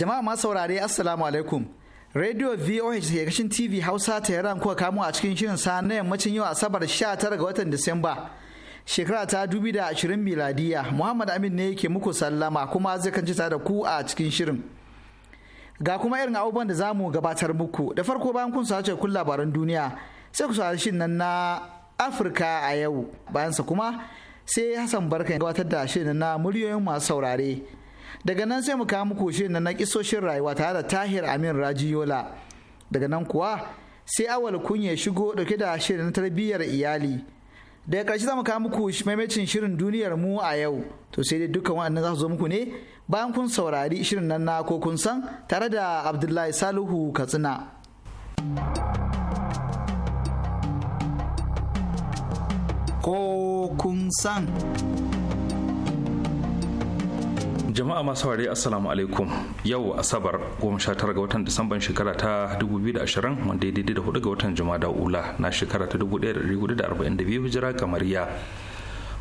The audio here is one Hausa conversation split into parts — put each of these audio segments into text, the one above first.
Jama'a masu saurare Assalamu alaikum. Radio VOH ke kashin TV Hausa ta yaran kuka kamo a cikin shirin sa na yammacin yau Asabar 19 ga watan Disamba. Shekara ta 2020 miladiya Muhammad Amin ne ke muku sallama kuma zai kanci da ku a cikin shirin. Ga kuma irin abubuwan da zamu gabatar muku da farko bayan kun sace kun labaran duniya sai ku sace shin nan na Afirka a yau bayansa kuma sai Hassan Barka ya gabatar da shirin na muryoyin masu saurare. daga nan sai mu kawo muku shirin na kisoshin rayuwa tare da tahir amin rajiyola daga nan kuwa sai awal kunya shigo dauke da shirin na tarbiyyar iyali daga karshe za mu kawo muku maimacin shirin duniyar mu a yau to sai dai dukkan waɗannan za su zo muku ne bayan kun saurari shirin nan na ko kun san tare da abdullahi salihu katsina ko kun san jama'a masu ware assalamu alaikum yau asabar 19 ga watan disamban shekara ta 2020 wanda ya daidai da hudu ga watan da ula na shekara ta 1442 hijira kamariya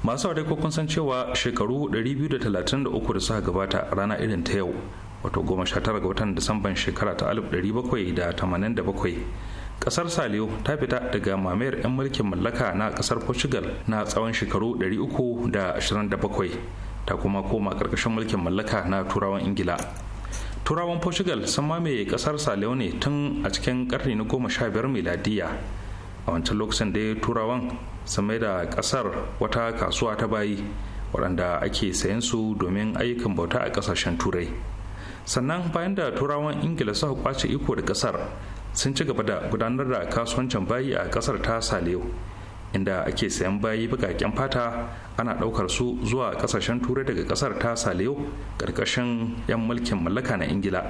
masu ware ko kun san cewa shekaru 233 da suka gabata rana irin ta yau wato 19 ga watan disamban shekara ta 1787 kasar saliyo ta fita daga mamayar 'yan mulkin mallaka na kasar portugal na tsawon shekaru 327 ta kuma koma ƙarƙashin mulkin mallaka na turawan ingila turawan portugal sun mamaye ƙasar leone tun a cikin ƙarni na goma sha biyar miladiya a wancan lokacin da turawan sun mai da ƙasar wata kasuwa ta bayi waɗanda ake sayan su domin ayyukan bauta a ƙasashen turai sannan bayan da turawan ingila suka kwace iko da ƙasar sun ci gaba da gudanar da kasuwancin bayi a ƙasar ta saleo inda ake sayan bayi bakaken fata ana ɗaukar su zuwa kasashen turai daga ƙasar ta saliyo ƙarƙashin 'yan mulkin mallaka na ingila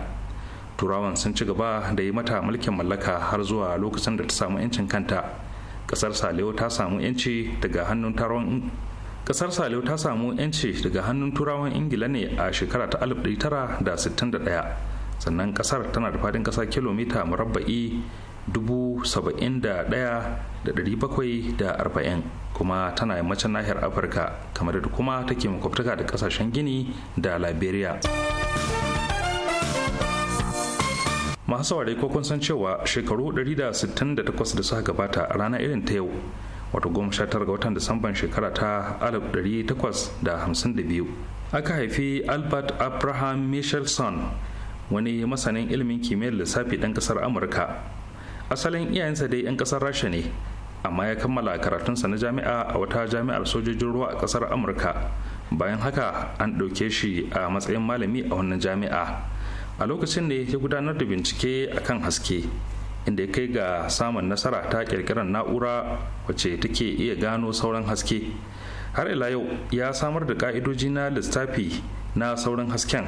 turawan sun ci gaba da yi mata mulkin mallaka har zuwa lokacin da ta samu 'yancin kanta ƙasar saliyo ta samu 'yanci daga hannun taron kasar ta samu 'yanci daga hannun turawan ingila ne a shekara ta 1961 sannan kasar tana da fadin kasa kilomita murabba'i arba'in kuma tana yammacin nahiyar afirka kamar da kuma take makwabtaka da kasashen gini da liberia masu saurari ko kun san cewa shekaru 168 da suka gabata a ranar irin ta yau wato goma sha tara ga watan disamban shekara ta hamsin 1852 aka haifi albert abraham michelson wani masanin ilimin kimiyyar lissafi ɗan ƙasar amurka asalin iyayensa dai 'yan kasar rasha ne amma ya kammala karatunsa na jami'a a wata jami'ar sojojin ruwa a kasar amurka bayan haka an ɗauke shi a matsayin malami a wannan jami'a a lokacin ne ya gudanar da bincike a kan haske inda ya kai ga samun nasara ta kirkirar na'ura wacce take iya gano sauran haske har ila yau ya samar da ka'idoji na lissafi na sauran hasken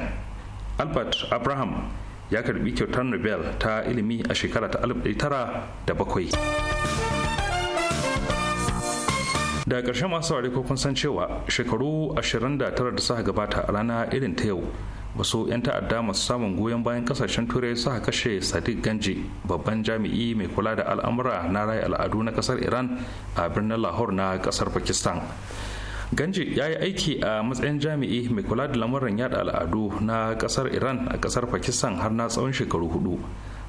albert abraham ya karbi kyautar nobel ta ilimi a shekara ta tara da ƙarshen masu saurari ko kun san cewa shekaru 29 da suka gabata a rana irin ta yau su 'yan ta'adda masu samun goyon bayan kasashen turai suka kashe sadiq ganji babban jami'i mai kula da al'amura na rai al'adu na kasar iran a birnin lahore na kasar pakistan ganji ya yi aiki a matsayin jami'i mai kula da lamuran yada al'adu na kasar iran a kasar pakistan har na tsawon shekaru hudu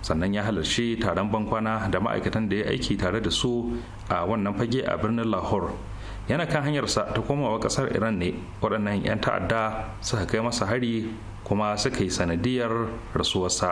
sannan ya halarci taron bankwana da ma'aikatan da ya aiki tare da su a wannan fage a birnin lahore yana kan hanyarsa ta komawa kasar iran ne waɗannan 'yan ta'adda suka kai masa hari kuma suka yi sanadiyar rasuwarsa.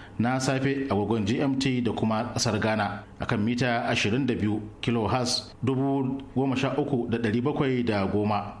na safe a agogon gmt da kuma kasar ghana akan mita 22 kilohertz 13710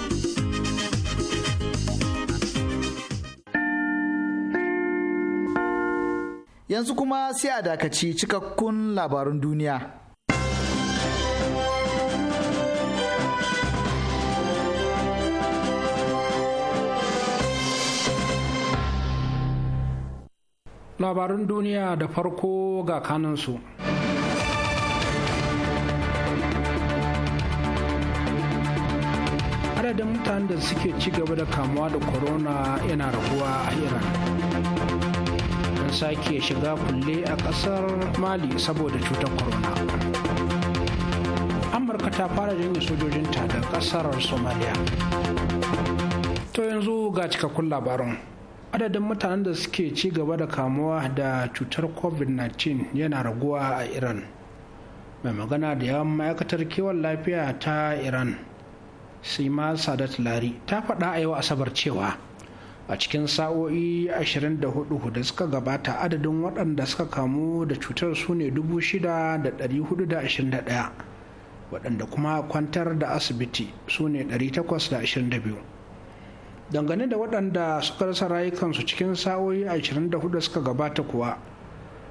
Yanzu kuma sai a dakaci cikakkun labarun duniya. Labarun duniya da farko ga kanansu. adadin mutanen da suke ci gaba da kamuwa da corona yana raguwa a iran sake shiga kulle a kasar mali saboda cutar corona amurka ta fara janye sojojinta da kasar Somalia. to yanzu ga cikakkun labarin adadin mutanen da suke ci gaba da kamuwa da cutar covid-19 yana raguwa a iran mai magana da yawan ma'aikatar kiwon lafiya ta iran sima sadat lari ta faɗa a yau asabar cewa a cikin sa'o'i 24 da suka gabata adadin waɗanda suka kamu da cutar su ne 6,421 waɗanda kuma kwantar da asibiti su ne 822 dangane da waɗanda suka rasa rayukansu cikin sa'o'i 24 da suka gabata kuwa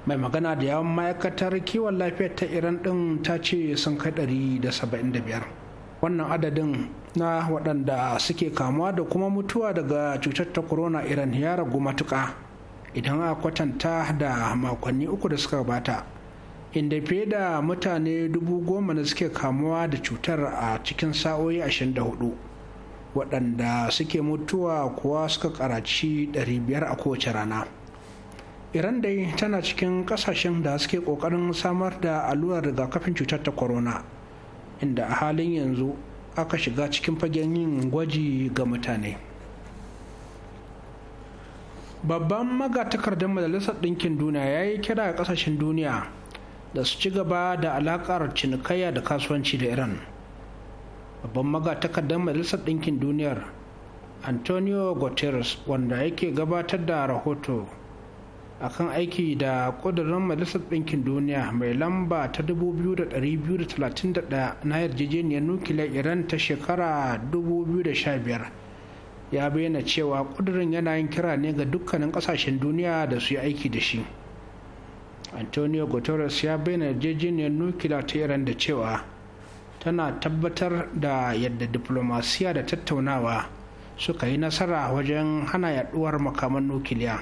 mai magana da yawan ma'aikatar kiwon lafiyar ta iran ɗin ta ce sun kai 175 wannan adadin na waɗanda suke kamuwa da kuma mutuwa daga cutar ta corona iran ya ragu matuƙa idan a kwatanta da makonni uku da suka gabata inda fiye da mutane dubu goma da suke kamuwa da cutar a cikin sa'o'i 24 waɗanda suke mutuwa kuwa suka karaci 500 a kowace rana iran dai tana cikin ƙasashen da suke ƙoƙarin samar da allurar rigakafin cutar ta corona inda a halin yanzu aka shiga cikin fagen yin gwaji ga mutane babban magatakardar majalisar ɗinkin duniya ya yi kira ga ƙasashen duniya da su ci gaba da alaƙar cinikayya da kasuwanci da iran babban magatakardar majalisar ɗinkin duniyar antonio guterres wanda yake gabatar da rahoto akan aiki da ƙudirin majalisar ɗinkin duniya mai lamba ta 2231 na yarjejeniyar nukiliyar iran ta shekara 2015 ya bayyana cewa ƙudirin yana yin kira ne ga dukkanin ƙasashen duniya da su yi aiki da shi antonio guterres ya bayyana yarjejeniyar nukiliya ta iran da cewa tana tabbatar da yadda diplomasiya da tattaunawa suka yi nasara wajen hana yaduwar makaman nukiliya.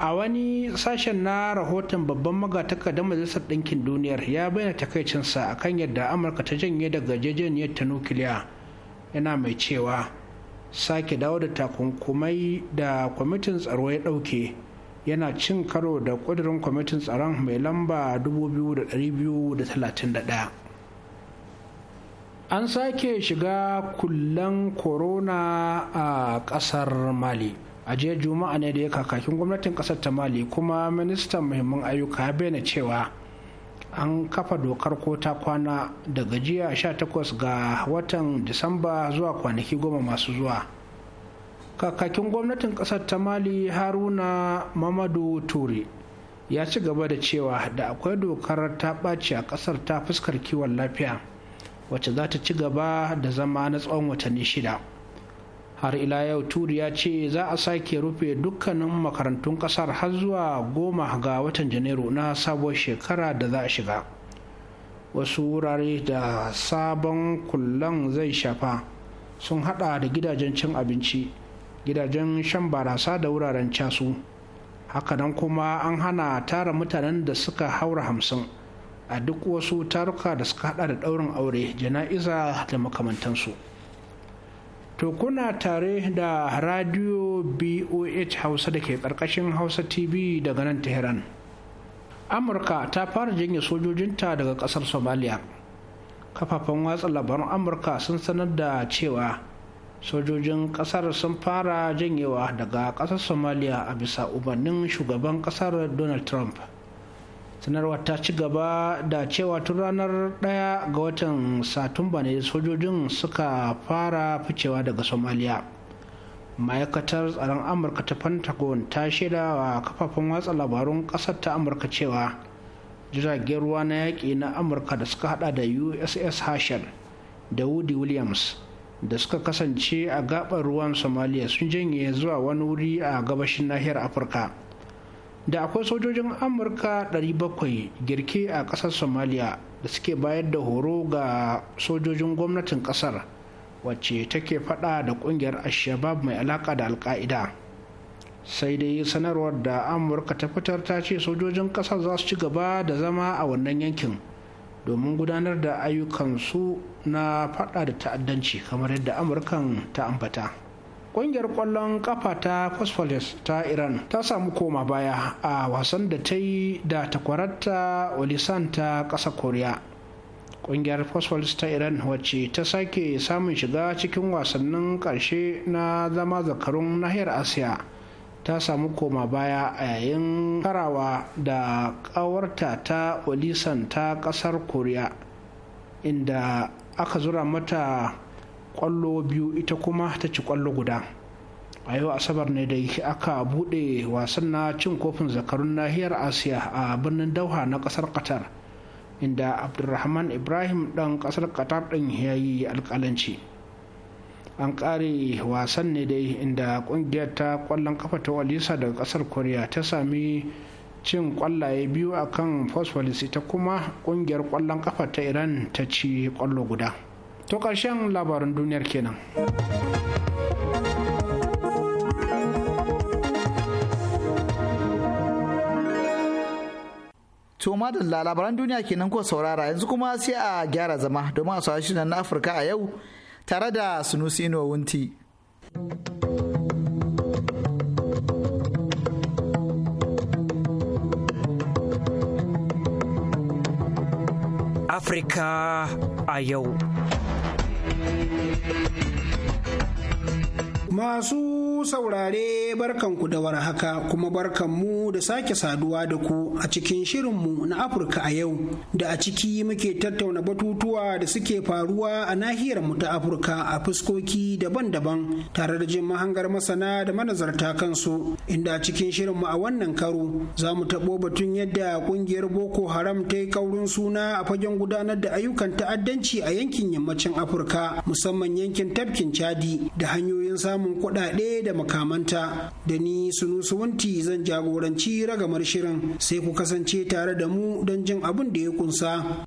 a wani sashen na rahoton babban magatakardar majalisar ɗinkin duniyar ya bayyana takaicinsa a kan yadda amurka ta janye daga jejeniyar ta nukiliya yana mai cewa sake dawo da takunkumai da kwamitin tsaro ya ɗauke yana cin karo da ƙudurin kwamitin tsaron mai lamba 2231 an sake shiga kullen corona a ƙasar mali a jiya juma'a ne da ya kakakin gwamnatin kasar ta mali kuma ministan muhimman ayyuka ya bayyana cewa an kafa dokar ko ta kwana daga jiya 18 ga watan disamba zuwa kwanaki goma masu zuwa kakakin gwamnatin kasar ta mali haruna mamadu ture ya ci gaba da cewa da akwai dokar ta ɓaci a ƙasar ta fuskar kiwon lafiya wacce za ta ci gaba da zama na tsawon watanni shida har ila yau turi ya ce za a sake rufe dukkanin makarantun kasar har zuwa goma ga watan janairu na sabuwar shekara da za a shiga wasu wurare da sabon kullan zai shafa sun hada da gidajen cin abinci gidajen shan barasa da wuraren casu hakanan kuma an hana tara mutanen da suka haura hamsin a duk wasu taruka da suka hada da daurin aure jana'iza da makamantansu. To kuna tare da radio BOH Hausa da ke ƙarƙashin Hausa TV daga nan Tehran. Amurka ta fara janye sojojinta daga ƙasar Somalia. Kafafen watsa labaran Amurka sun sanar da cewa sojojin ƙasar sun fara janyewa daga ƙasar Somalia a bisa umarnin shugaban ƙasar Donald Trump. sanarwa ta ci gaba da cewa tun ranar 1 ga watan satumba ne sojojin suka fara ficewa daga somaliya ma'aikatar tsaron amurka ta pentagon ta shaida wa kafafen watsa labarun ƙasar ta amurka cewa jiragen ruwa na yaƙi na amurka da suka hada da uss hashir da woody williams da suka kasance a gabar ruwan somaliya sun janye zuwa wani wuri a gabashin nahiyar afirka da akwai sojojin amurka 700 girke a ƙasar somaliya da suke bayar da horo ga sojojin gwamnatin ƙasar wacce take fada da ƙungiyar ashabab mai alaƙa da alka'ida sai dai sanarwar da amurka ta fitar ta ce sojojin ƙasar za su ci gaba da zama a wannan yankin domin gudanar da ayyukansu na fada da ta'addanci kamar yadda amurkan ta ambata. Ƙungiyar ƙwallon ƙafa ta Phosphorus ta Iran ta samu koma baya a wasan da ta yi da takwararta Olisan ta ƙasa Koriya. Ƙungiyar Phosphorus ta Iran wacce ta sake samun shiga cikin wasannin ƙarshe na zama zakarun nahiyar Asiya ta samu koma baya a yayin karawa da ƙawarta ta Olisan ta ƙasar Koriya inda aka zura mata kwallo biyu ita kuma ta ci kwallo guda a yau asabar ne da aka buɗe wasan na cin kofin zakarun nahiyar asiya a birnin dauha na ƙasar qatar inda abdulrahman ibrahim ɗan ƙasar qatar din ya yi alƙalanci an ƙare wasan ne dai inda ƙungiyar ta ƙwallon kafa ta walisa daga ƙasar koriya ta sami cin ƙwallaye biyu akan kan ita kuma ƙungiyar ƙwallon kafa ta iran ta ci ƙwallo guda to ƙarshen labarin duniyar kenan. To madalla labaran duniya kenan ko saurara yanzu kuma sai a gyara zama domin a na Afirka a yau tare da Sunusi Wunti. Afirka a yau. We'll be right back. Masu saurare barkanku da warhaka kuma barkanmu da sake saduwa da ku a cikin shirinmu na Afirka a yau da a ciki muke tattauna batutuwa da suke faruwa a nahiyar mu ta Afirka a fuskoki daban-daban tare da jin mahangar masana da manazarta kansu inda a cikin shirinmu a wannan karo za mu taɓo batun yadda kungiyar Boko Haram ta yi kaurin suna a fagen gudanar da ayyukan ta'addanci a yankin yammacin Afirka musamman yankin tafkin Chadi da hanyoyin samun samun kuɗaɗe da makamanta da ni sunu suwanti zan jagoranci ragamar shirin sai ku kasance tare da mu don jin abin da ya kunsa.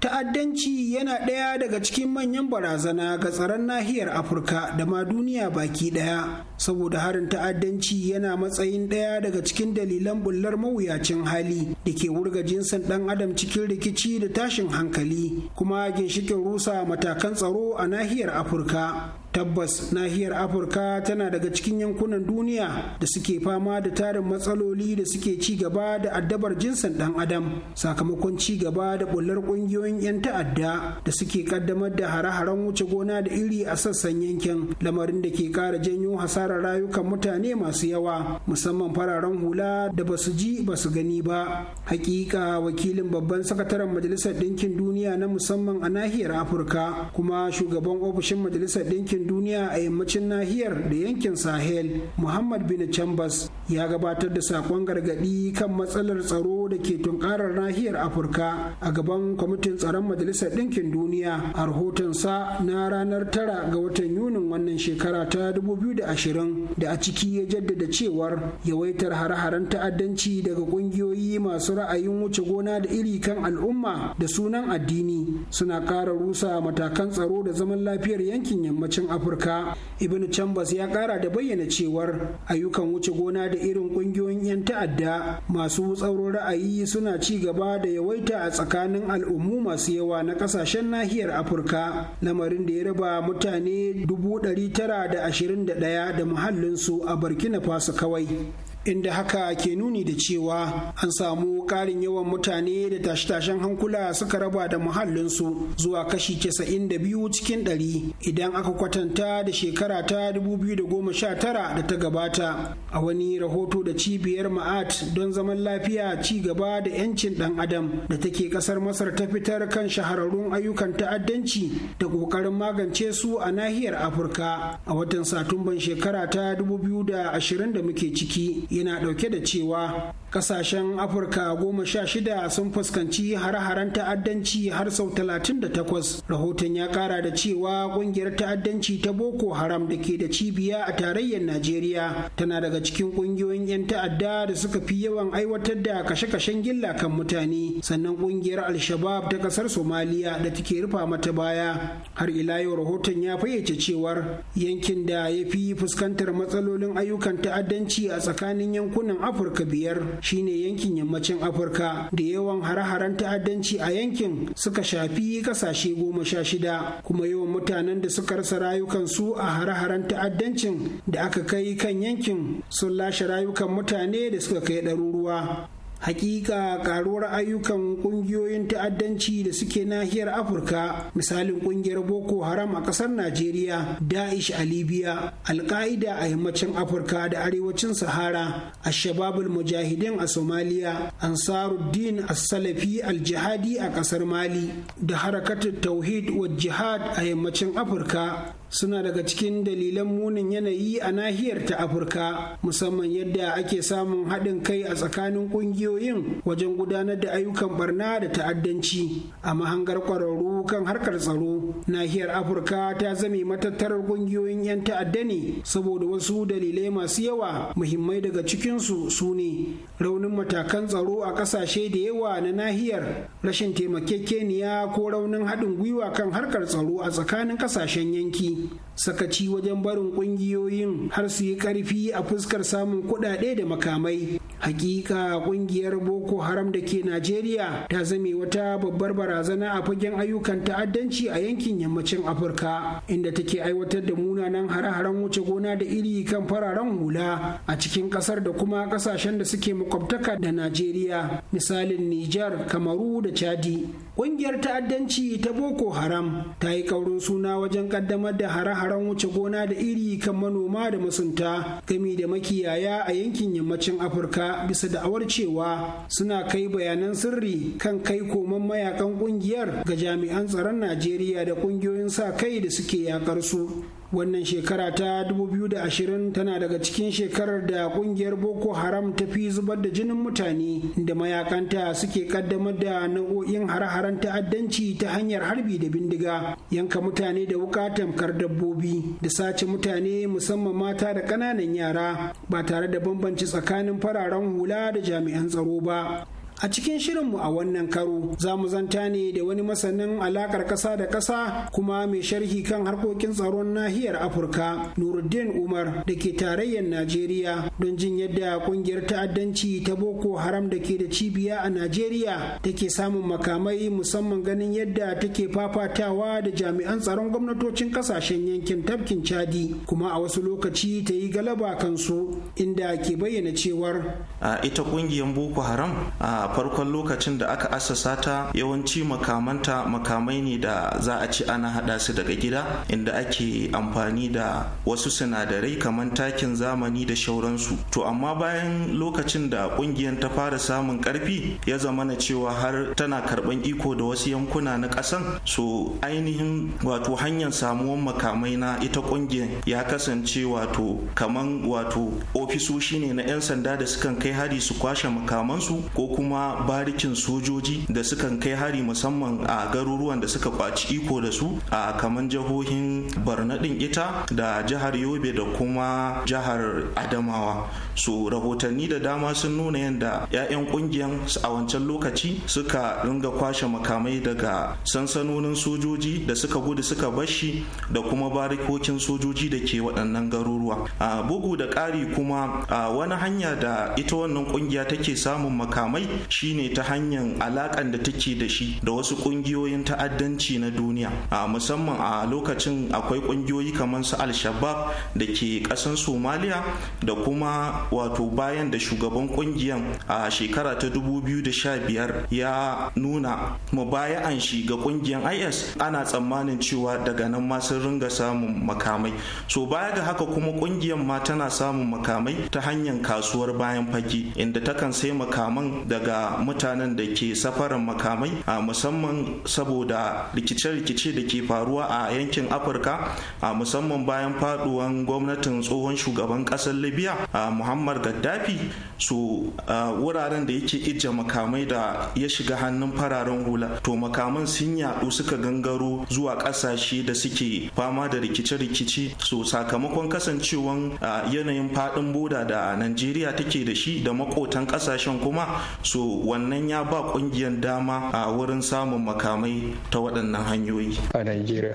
ta'addanci yana ɗaya daga cikin manyan barazana ga tsaron nahiyar afirka da ma duniya baki ɗaya saboda harin ta'addanci yana matsayin ɗaya daga cikin dalilan bullar mawuyacin hali da ke wurga jinsin ɗan adam cikin rikici da tashin hankali kuma ginshikin rusa matakan tsaro a nahiyar afirka tabbas nahiyar afirka tana daga cikin yankunan duniya da suke fama da tarin matsaloli da suke ci gaba da addabar jinsin ɗan adam sakamakon ci gaba da bullar ƙungiyoyin 'yan ta'adda da suke ƙaddamar da hare-haren wuce gona da iri a sassan yankin lamarin da ke kara janyo hasarar rayukan mutane masu yawa musamman fararen hula da ba su ji ba su gani ba hakika wakilin babban sakataren majalisar ɗinkin duniya na musamman a nahiyar afirka kuma shugaban ofishin majalisar ɗinkin duniya a yammacin nahiyar da yankin sahel muhammad bin chambers ya gabatar da saƙon gargaɗi kan matsalar tsaro da ke tunkarar nahiyar afirka a gaban kwamitin tsaron majalisar ɗinkin duniya a rahotonsa na ranar tara ga watan yunin wannan shekara ta 2020 Ogan da a ciki ya jaddada cewar yawaitar hare-haren ta'addanci daga ƙungiyoyi masu ra'ayin wuce gona da iri kan al'umma da sunan addini suna ƙara rusa matakan tsaro da zaman lafiyar yankin yammacin Afirka. Ibn Chambers ya ƙara da bayyana cewar ayyukan wuce gona da irin ƙungiyoyin 'yan ta'adda masu tsaurin ra'ayi suna ci gaba da yawaita a tsakanin al'ummu masu yawa na ƙasashen nahiyar Afirka. Lamarin da ya raba mutane dubu ɗari da ashirin da da muhallinsu a burkina faso kawai inda haka ke nuni da cewa an samu ƙarin yawan mutane da tashe-tashen hankula suka raba da muhallinsu zuwa kashi 92 cikin 100 idan aka kwatanta da shekara ta 2019 da ta gabata a wani rahoto da cibiyar ma'at don zaman lafiya ci gaba da 'yancin ɗan adam da take ƙasar masar ta fitar kan shahararrun ayyukan ta'addanci da ƙoƙarin magance su a nahiyar afirka a watan satumban shekara ta 2020 da muke ciki yana ɗauke da cewa ƙasashen afirka goma sha shida sun fuskanci har haren ta'addanci har sau talatin da takwas rahoton ya ƙara da cewa ƙungiyar ta'addanci ta boko haram da ke da cibiya a tarayyar najeriya tana daga cikin ƙungiyoyin 'yan ta'adda da suka fi yawan aiwatar da kashe-kashen gilla kan mutane sannan ƙungiyar al-shabab ta ƙasar somaliya da take rufa mata baya har ila yau rahoton ya fayyace cewar yankin da ya fi fuskantar matsalolin ayyukan ta'addanci a tsakanin tsakanin yankunan afirka biyar shine yankin yammacin afirka da yawan hare-haren ta'addanci a yankin suka shafi kasashe goma sha shida kuma yawan mutanen da suka rasa rayukansu a hare-haren ta'addancin da aka kai kan yankin sun lashe rayukan mutane da suka kai ɗaruruwa hakika karuwar ayyukan kungiyoyin ta'addanci da suke nahiyar afirka misalin kungiyar boko haram a kasar najeriya da'ish a libya alka'ida a yammacin afirka da arewacin sahara ashababul mujahidin a somaliya ansaruddin as-salafi al-jihadi a kasar mali da harakatar tauhid wa jihad a yammacin afirka suna daga cikin dalilan munin yanayi a nahiyar ta afirka musamman yadda ake samun haɗin kai a tsakanin ƙungiyoyin wajen gudanar da ayyukan barna da ta'addanci a mahangar ƙwararru kan harkar tsaro nahiyar afirka ta zame matattarar ƙungiyoyin 'yan ta'adda ne saboda wasu dalilai masu yawa muhimmai daga cikinsu su ne raunin matakan tsaro a ƙasashe da yawa na nahiyar rashin taimakekeniya ko raunin haɗin gwiwa kan harkar tsaro a tsakanin ƙasashen yanki que sakaci wajen barin kungiyoyin har su yi karfi a fuskar samun kuɗaɗe da makamai hakika kungiyar boko haram da ke najeriya ta zame wata babbar barazana a fagen ayyukan ta'addanci a yankin yammacin afirka inda take aiwatar da munanan hare-haren wuce gona da iri kan fararen hula a cikin kasar da kuma kasashen da suke makwabtaka da najeriya misalin nijar kamaru da chadi kungiyar ta'addanci ta boko haram ta yi kaurin suna wajen kaddamar da hare-haren hare wuce gona da iri kan manoma da masunta gami da makiyaya a yankin yammacin afirka bisa da'awar cewa suna kai bayanan sirri kan kai koman mayakan kungiyar ga jami'an tsaron najeriya da kungiyoyin sa kai da suke yakar su wannan shekara ta 2020 tana daga cikin shekarar da kungiyar boko haram ta fi zubar da jinin mutane da mayakanta suke kaddamar da nau'o'in hare-haren ta'addanci ta hanyar harbi da bindiga yanka mutane da wuka tamkar dabbobi da sace mutane musamman mata da ƙananan yara ba tare da bambanci tsakanin fararen hula da jami'an tsaro ba A cikin shirinmu a wannan karo za mu zanta ne da wani masanin alakar ƙasa da ƙasa kuma mai sharhi kan harkokin tsaron nahiyar Afirka Nuruddin Umar da ke tarayyar Najeriya don jin yadda kungiyar ta'addanci ta Boko Haram da ke da cibiya a Najeriya take samun makamai musamman ganin yadda take fafatawa da jami'an tsaron gwamnatocin ƙasashen yankin tafkin Chadi kuma a wasu lokaci ta yi galaba kansu inda ke bayyana cewar ita kungiyar Boko Haram farkon lokacin da aka assasa ta yawanci makamanta makamai ne da za a ci ana hada su daga gida inda ake amfani da wasu sinadarai kamar takin zamani da shauransu to amma bayan lokacin da kungiyar ta fara samun karfi ya zama na cewa har tana karban iko da wasu yankuna na kasan so ainihin wato hanyar samuwan makamai na ita kungiyar ya kasance wato kamar wato ofisoshi ne na 'yan sanda da sukan kai hari su kwashe makamansu ko kuma kuma barikin sojoji da sukan kai hari musamman a garuruwan da suka kwaci iko da su a kaman jihohin barna din ita da jihar yobe da kuma jihar adamawa su rahotanni da dama sun nuna yadda 'ya'yan kungiyan a wancan lokaci suka ringa kwashe makamai daga sansanonin sojoji da suka gudu suka bashi da kuma barikokin sojoji da ke waɗannan garuruwa a bugu da ƙari kuma a wani hanya da ita wannan kungiya take samun makamai shine ta hanyar alakan da take da shi da wasu kungiyoyin ta'addanci na duniya a musamman a lokacin akwai kungiyoyi kamar su al-shabab da ke kasan somaliya da kuma wato bayan da shugaban kungiyan a shekara ta 2015 ya nuna mubaya'an shi ga kungiyan is ana tsammanin cewa daga nan ma sun ringa samun makamai so baya ga haka kuma kungiyan ma tana samun makamai ta hanyar kasuwar bayan fage inda takan sai makaman daga ga mutanen da ke safaran makamai a musamman saboda rikice-rikice da ke faruwa a yankin afirka a musamman bayan faduwan gwamnatin tsohon shugaban kasar libya muhammad gaddafi su uh, wuraren da yake ijja makamai da ya shiga hannun fararen hula to makaman sun yaɗu suka gangaro zuwa kasashe da suke fama da rikice rikice so sakamakon kasancewan uh, yanayin fadin boda da najeriya take da shi da makotan kasashen kuma so wannan ya ba kungiyar dama a uh, wurin samun makamai ta waɗannan hanyoyi a najeriya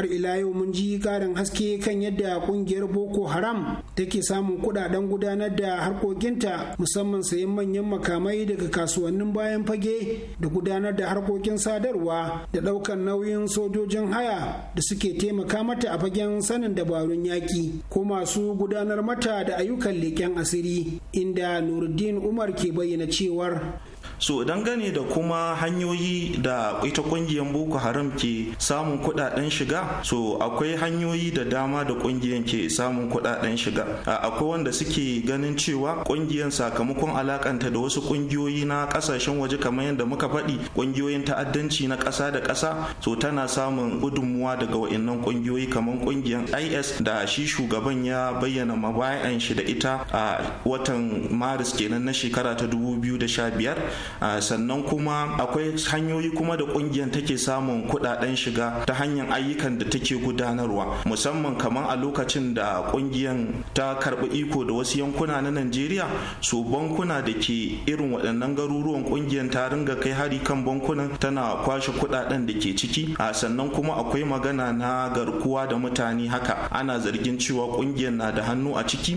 har ila yau mun ji karin haske kan yadda kungiyar boko haram take samun kudaden gudanar da harkokinta musamman sayan manyan makamai daga kasuwannin bayan fage da gudanar da harkokin sadarwa da daukan nauyin sojojin haya da suke taimaka mata a fagen sanin dabarun yaƙi ko masu gudanar mata da ayyukan leƙen asiri inda nuruddin umar ke bayyana cewar so dangane da kuma hanyoyi da ita kungiyar boko haram ke samun kudaden shiga so akwai hanyoyi da dama da kungiyar ke samun kudaden shiga akwai wanda suke ganin cewa kungiyar sakamakon alakanta da wasu kungiyoyi na kasashen waje kamar yadda muka faɗi kungiyoyin ta'addanci na ƙasa da ƙasa so tana samun gudunmuwa daga wa'annan kungiyoyi kamar kungiyar is da shi shugaban ya bayyana mabayan shi da ita a watan maris kenan na shekara ta dubu biyu da biyar? sannan kuma akwai hanyoyi kuma da kungiyar take samun kudaden shiga ta hanyar ayyukan da take gudanarwa musamman kamar a lokacin da kungiyar ta karbi iko da wasu yankuna na Najeriya su bankuna da ke irin waɗannan garuruwan kungiyar ta ringa kai hari kan bankunan tana kwashe kudaden da ke ciki a sannan kuma akwai magana na garkuwa da mutane haka ana zargin cewa kungiyar na da hannu a ciki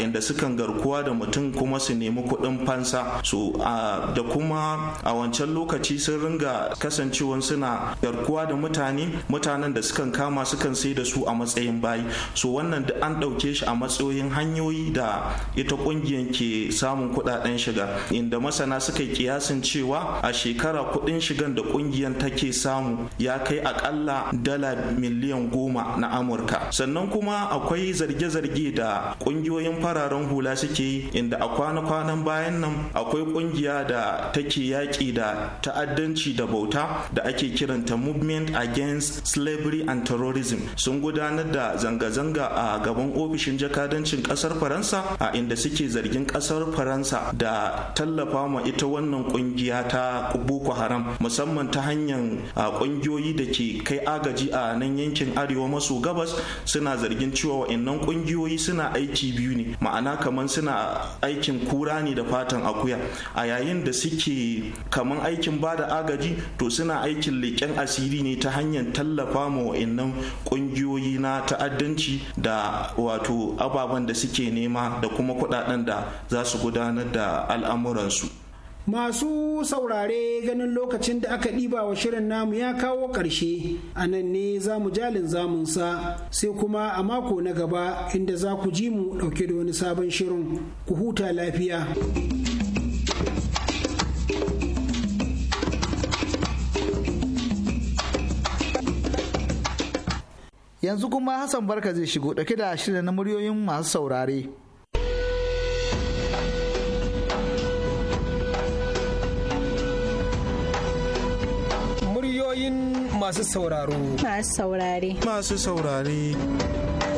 inda sukan garkuwa da mutum kuma su nemi kuɗin fansa su da kuma a wancan lokaci sun ringa kasancewan suna yarkuwa da mutane mutanen da sukan kama sukan sai da su a matsayin bayi so wannan da an ɗauke shi a matsayin hanyoyi da ita ƙungiyar ke samun kuɗaɗen shiga inda masana suka yi kiyasin cewa a shekara kuɗin shigan da ƙungiyar take samu ya kai akalla dala miliyan goma na amurka sannan kuma akwai zarge-zarge da ƙungiyoyin fararen hula suke yi inda a kwana-kwanan bayan nan akwai ƙungiya da take yaƙi da ta'addanci da bauta da ake kiranta movement against slavery and terrorism sun gudanar da zanga-zanga a gaban ofishin jakadancin ƙasar faransa a inda suke zargin ƙasar faransa da tallafa ma ita wannan ƙungiya ta boko haram musamman ta hanyar ƙungiyoyi da ke kai agaji a nan yankin arewa maso gabas suna zargin cewa wa'annan ƙungiyoyi suna aiki biyu ne ma'ana kamar suna aikin kura ne da fatan akuya a yayin da suke kaman aikin ba da agaji to suna aikin leƙen asiri ne ta hanyar tallafa ma wa'annan ƙungiyoyi na ta'addanci da wato ababen da suke nema da kuma kuɗaɗen da za su gudanar da al'amuransu. Masu saurare ganin lokacin da aka ɗiba wa shirin namu ya kawo ƙarshe, a nan ne za mu jalin zamunsa sai kuma a mako na gaba inda za ku ji mu ɗauke da wani sabon shirin ku huta lafiya. yanzu kuma Hassan Barka zai shigo dauke da shirin na muryoyin masu saurare. Muryoyin masu sauraro. Masu saurare. Masu saurare.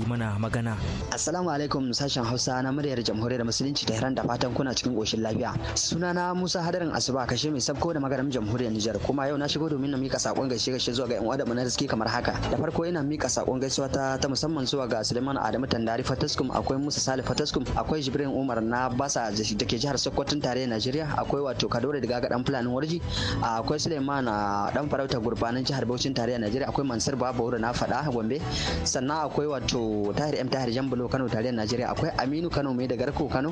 yi mana magana. Assalamu alaikum sashen Hausa na muryar Jamhuriyar Musulunci ta da fatan kuna cikin ƙoshin lafiya. Sunana Musa Hadarin Asuba kashe mai sabko da magaram Jamhuriyar Nijar kuma yau na shigo domin na mika sakon gaishe gaishe zuwa ga yan uwa da riski kamar haka. Da farko ina mika sakon gaisuwa ta ta musamman zuwa ga Suleiman Adamu Tandari Fataskum akwai Musa Salih Fataskum akwai Jibrin Umar na Basa da ke jihar Sokoto tarayyar Najeriya akwai wato Kadore daga gadan Fulani Warji akwai Suleiman ah, dan farauta gurbanin jihar Bauchi tarayyar Najeriya akwai Mansur Babu na faɗa Gombe sannan akwai wato tahir m tahir jambulo kano tarayyar najeriya akwai aminu kano mai da garko kano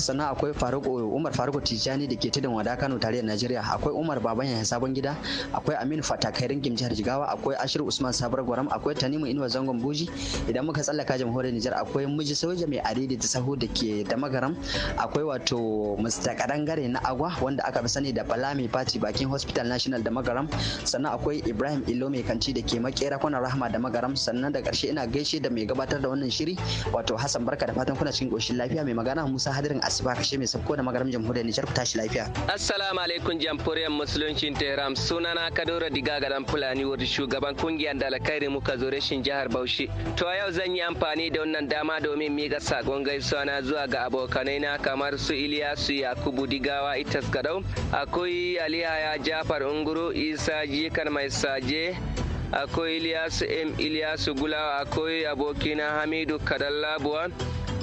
sannan akwai faruk eh, umar faruk tijani da ke tudun wada kano tarayyar najeriya akwai umar baban yahya sabon gida akwai aminu fatakai ringim jihar jigawa akwai ashir usman sabar gwaram akwai tanimu inuwa zangon buji idan muka tsallaka jamhuriyar nijar akwai miji soja mai adidi da sahu da ke da magaram akwai wato mr kadangare na agwa wanda aka fi sani da bala mai fati bakin hospital national da magaram sannan akwai ibrahim ilo mai kanti da ke makera kwanan rahama da magaram sannan da karshe ina gaishe da mai gabatar da wannan shiri wato Hassan Barka da fatan kuna cikin koshin lafiya mai magana Musa Hadirin Asiba kashe mai sabko da magaram jamhuriyar Nijar ku tashi lafiya. Assalamu alaikum jamhuriyar musuluncin Tehran sunana Kadura Diga gadan Fulani wurin shugaban kungiyar Dalakairi muka zo rashin jihar Bauchi. To yau zan yi amfani da wannan dama domin miƙa sakon gaisuwa na zuwa ga abokanai na kamar su Iliyasu Yakubu Digawa Itas Gadau akwai Aliyaya Jafar Unguru Isa Jikar Mai Saje akwai Ilyasu M iliyasu Gulawa akwai abokina Hamidu Kadallabuwa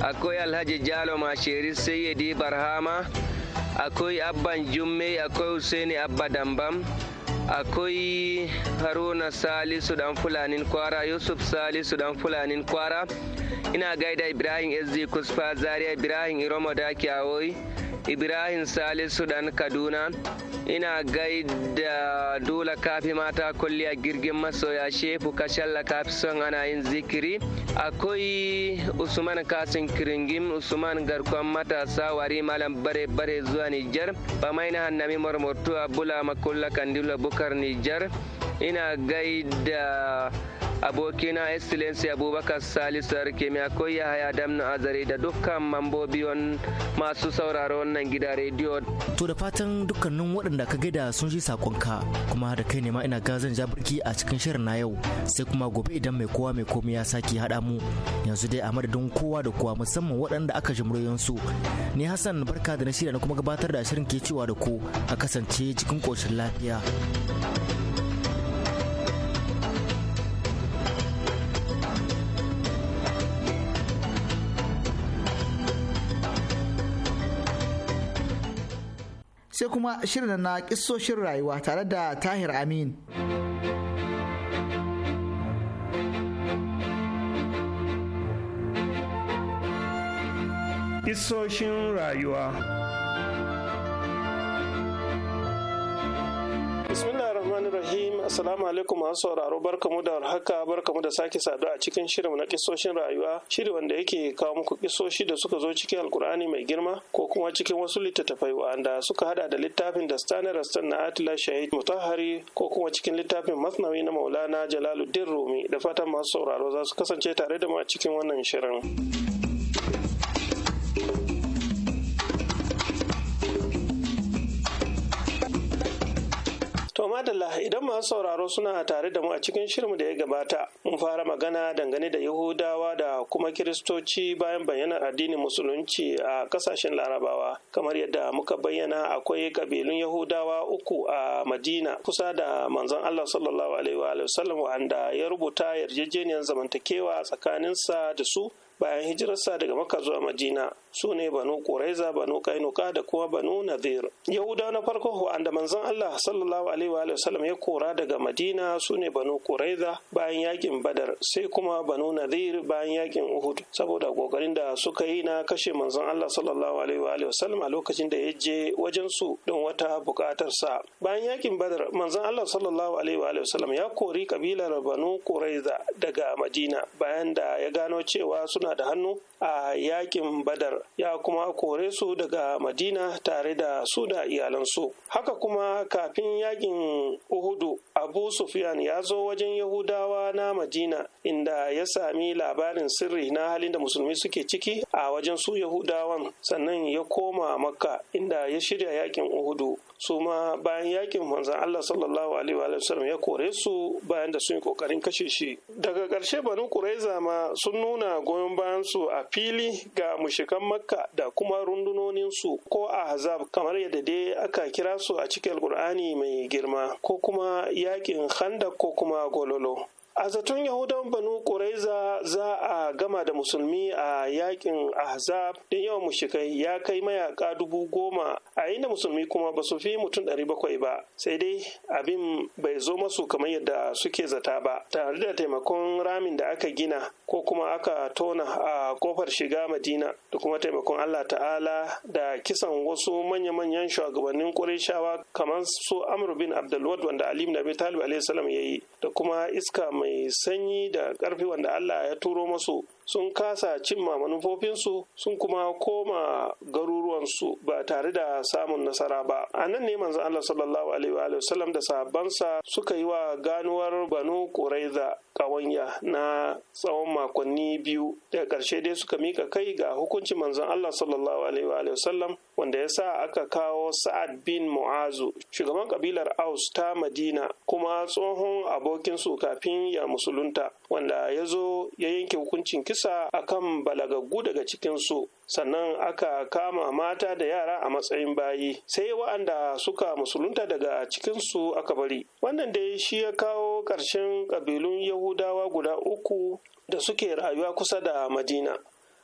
akwai Alhaji Jalo Masheri Sayyidi Barhama akwai Abban Jummai akwai Husaini Abba Dambam akwai haruna salisu dan fulanin kwara yusuf salisu dan fulanin kwara ina gaida ibrahim sd kusfa zaria ibrahim iromo da kyawoyi ibrahim salisu dan kaduna ina gaida dole kafi mata a girgin masoya shefu kashalla kafi son ana yin zikiri akwai usman kasin kiringim usman garkon matasa wari malam bare bare zuwa nijar na hannami marmortuwa bula makulla kandila bukar nijar ina gaida abokina excellency abubakar salisu sarki mai akwai yahaya damna azare da dukkan mambobi masu sauraro wannan gida rediyo to da fatan dukkanin waɗanda ka gaida sun ji sakonka kuma da kai ne ma ina gazan jabirki a cikin shirin na yau sai kuma gobe idan mai kowa mai komai ya sake haɗa mu yanzu dai a madadin kowa da kowa musamman waɗanda aka ji su ni hassan barka da na shirya na kuma gabatar da shirin ke cewa da ku a kasance cikin ƙoshin lafiya. sai kuma shirin na kissoshin rayuwa tare da tahir amin Isoshin rayuwa rahmanir rahim assalamu alaikum masu sauraro barkamu da warhaka barkamu da sake saduwa a cikin shirin na kisoshin rayuwa shiri wanda yake kawo muku kisoshi da suka zo cikin alkur'ani mai girma ko kuma cikin wasu littattafai wanda suka hada da littafin da stanar rastan na atila shahid mutahari ko kuma cikin littafin masnawi na maulana jalaluddin rumi da fatan masu sauraro za su kasance tare da mu a cikin wannan shirin. To madalla idan masu sauraro suna tare da mu a cikin shirin da ya gabata mun fara magana dangane da Yahudawa da kuma Kiristoci bayan bayyanar addinin Musulunci a kasashen Larabawa kamar yadda muka bayyana akwai kabilun Yahudawa uku a Madina kusa da manzon Allah sallallahu alaihi wa sallam wanda ya rubuta yarjejeniyar zamantakewa tsakaninsa da su bayan hijirarsa daga Makka zuwa Madina su ne banu ƙuraiza banu kainuka da kuma banu nadir yahuda na farko wanda manzon allah sallallahu alaihi wa sallam ya kora daga madina su ne banu ƙuraiza bayan yakin badar sai kuma banu nadir bayan yakin uhud saboda ƙoƙarin da suka yi na kashe manzon allah sallallahu alaihi wa sallam a lokacin da ya je wajen su don wata buƙatar sa bayan yakin badar manzon allah sallallahu alaihi wa sallam ya kori kabilar banu ƙuraiza daga madina bayan da ya gano cewa suna da hannu a yakin badar ya kuma kore su daga madina tare da su da iyalansu haka kuma kafin yakin uhudu abu sufyan ya zo wajen yahudawa na madina inda ya sami labarin sirri na halin da musulmi suke ciki a wajen su yahudawan sannan ya koma makka inda ya shirya yakin uhudu su ma bayan yakin manzan Allah sallallahu alaihi wa ya kore su bayan da sun yi kokarin kashe shi daga ƙarshe banu Quraiza ma sun nuna goyon bayan su a fili ga mushikan Makka da kuma rundunonin su ko Ahzab kamar yadda dai aka kira su a cikin Alƙur'ani mai girma ko kuma yakin handa, ko kuma Gololo a zaton yahudan banu ƙuraiza za a gama da musulmi a yakin ahzab din yawan mushikai ya kai mayaka dubu goma a inda musulmi kuma ba su fi mutum ɗari bakwai ba sai dai abin bai zo masu kamar yadda suke zata ba tare da taimakon ramin da aka gina ko kuma aka tona a kofar shiga madina da kuma taimakon allah ta'ala da kisan wasu manya-manyan shugabannin ƙuraishawa kamar su amr bin abdulwad wanda ali bin abi talib alaihi salam ya yi da kuma iska mai mai sanyi da ƙarfi wanda Allah ya turo masu sun kasa cimma manufofinsu sun kuma koma garuruwansu ba tare da samun nasara ba a nan ne manzan Allah sallallahu alaihi wa sallam da sabansa suka yi wa ganuwar banu Quraiza kawanya na tsawon makonni biyu daga ƙarshe dai suka mika kai ga hukuncin manzan Allah sallallahu alaihi wa sallam wanda ya sa aka kawo Sa'ad bin Mu'azu shugaban kabilar Aus ta Madina kuma tsohon abokinsu kafin ya musulunta wanda ya zo ya yanke hukuncin kisa bisa akan balagaggu daga cikinsu sannan aka kama mata da yara a matsayin bayi sai wa'anda suka musulunta daga cikinsu aka bari wannan dai shi ya kawo ƙarshen ƙabilun yahudawa guda uku da suke rayuwa kusa da madina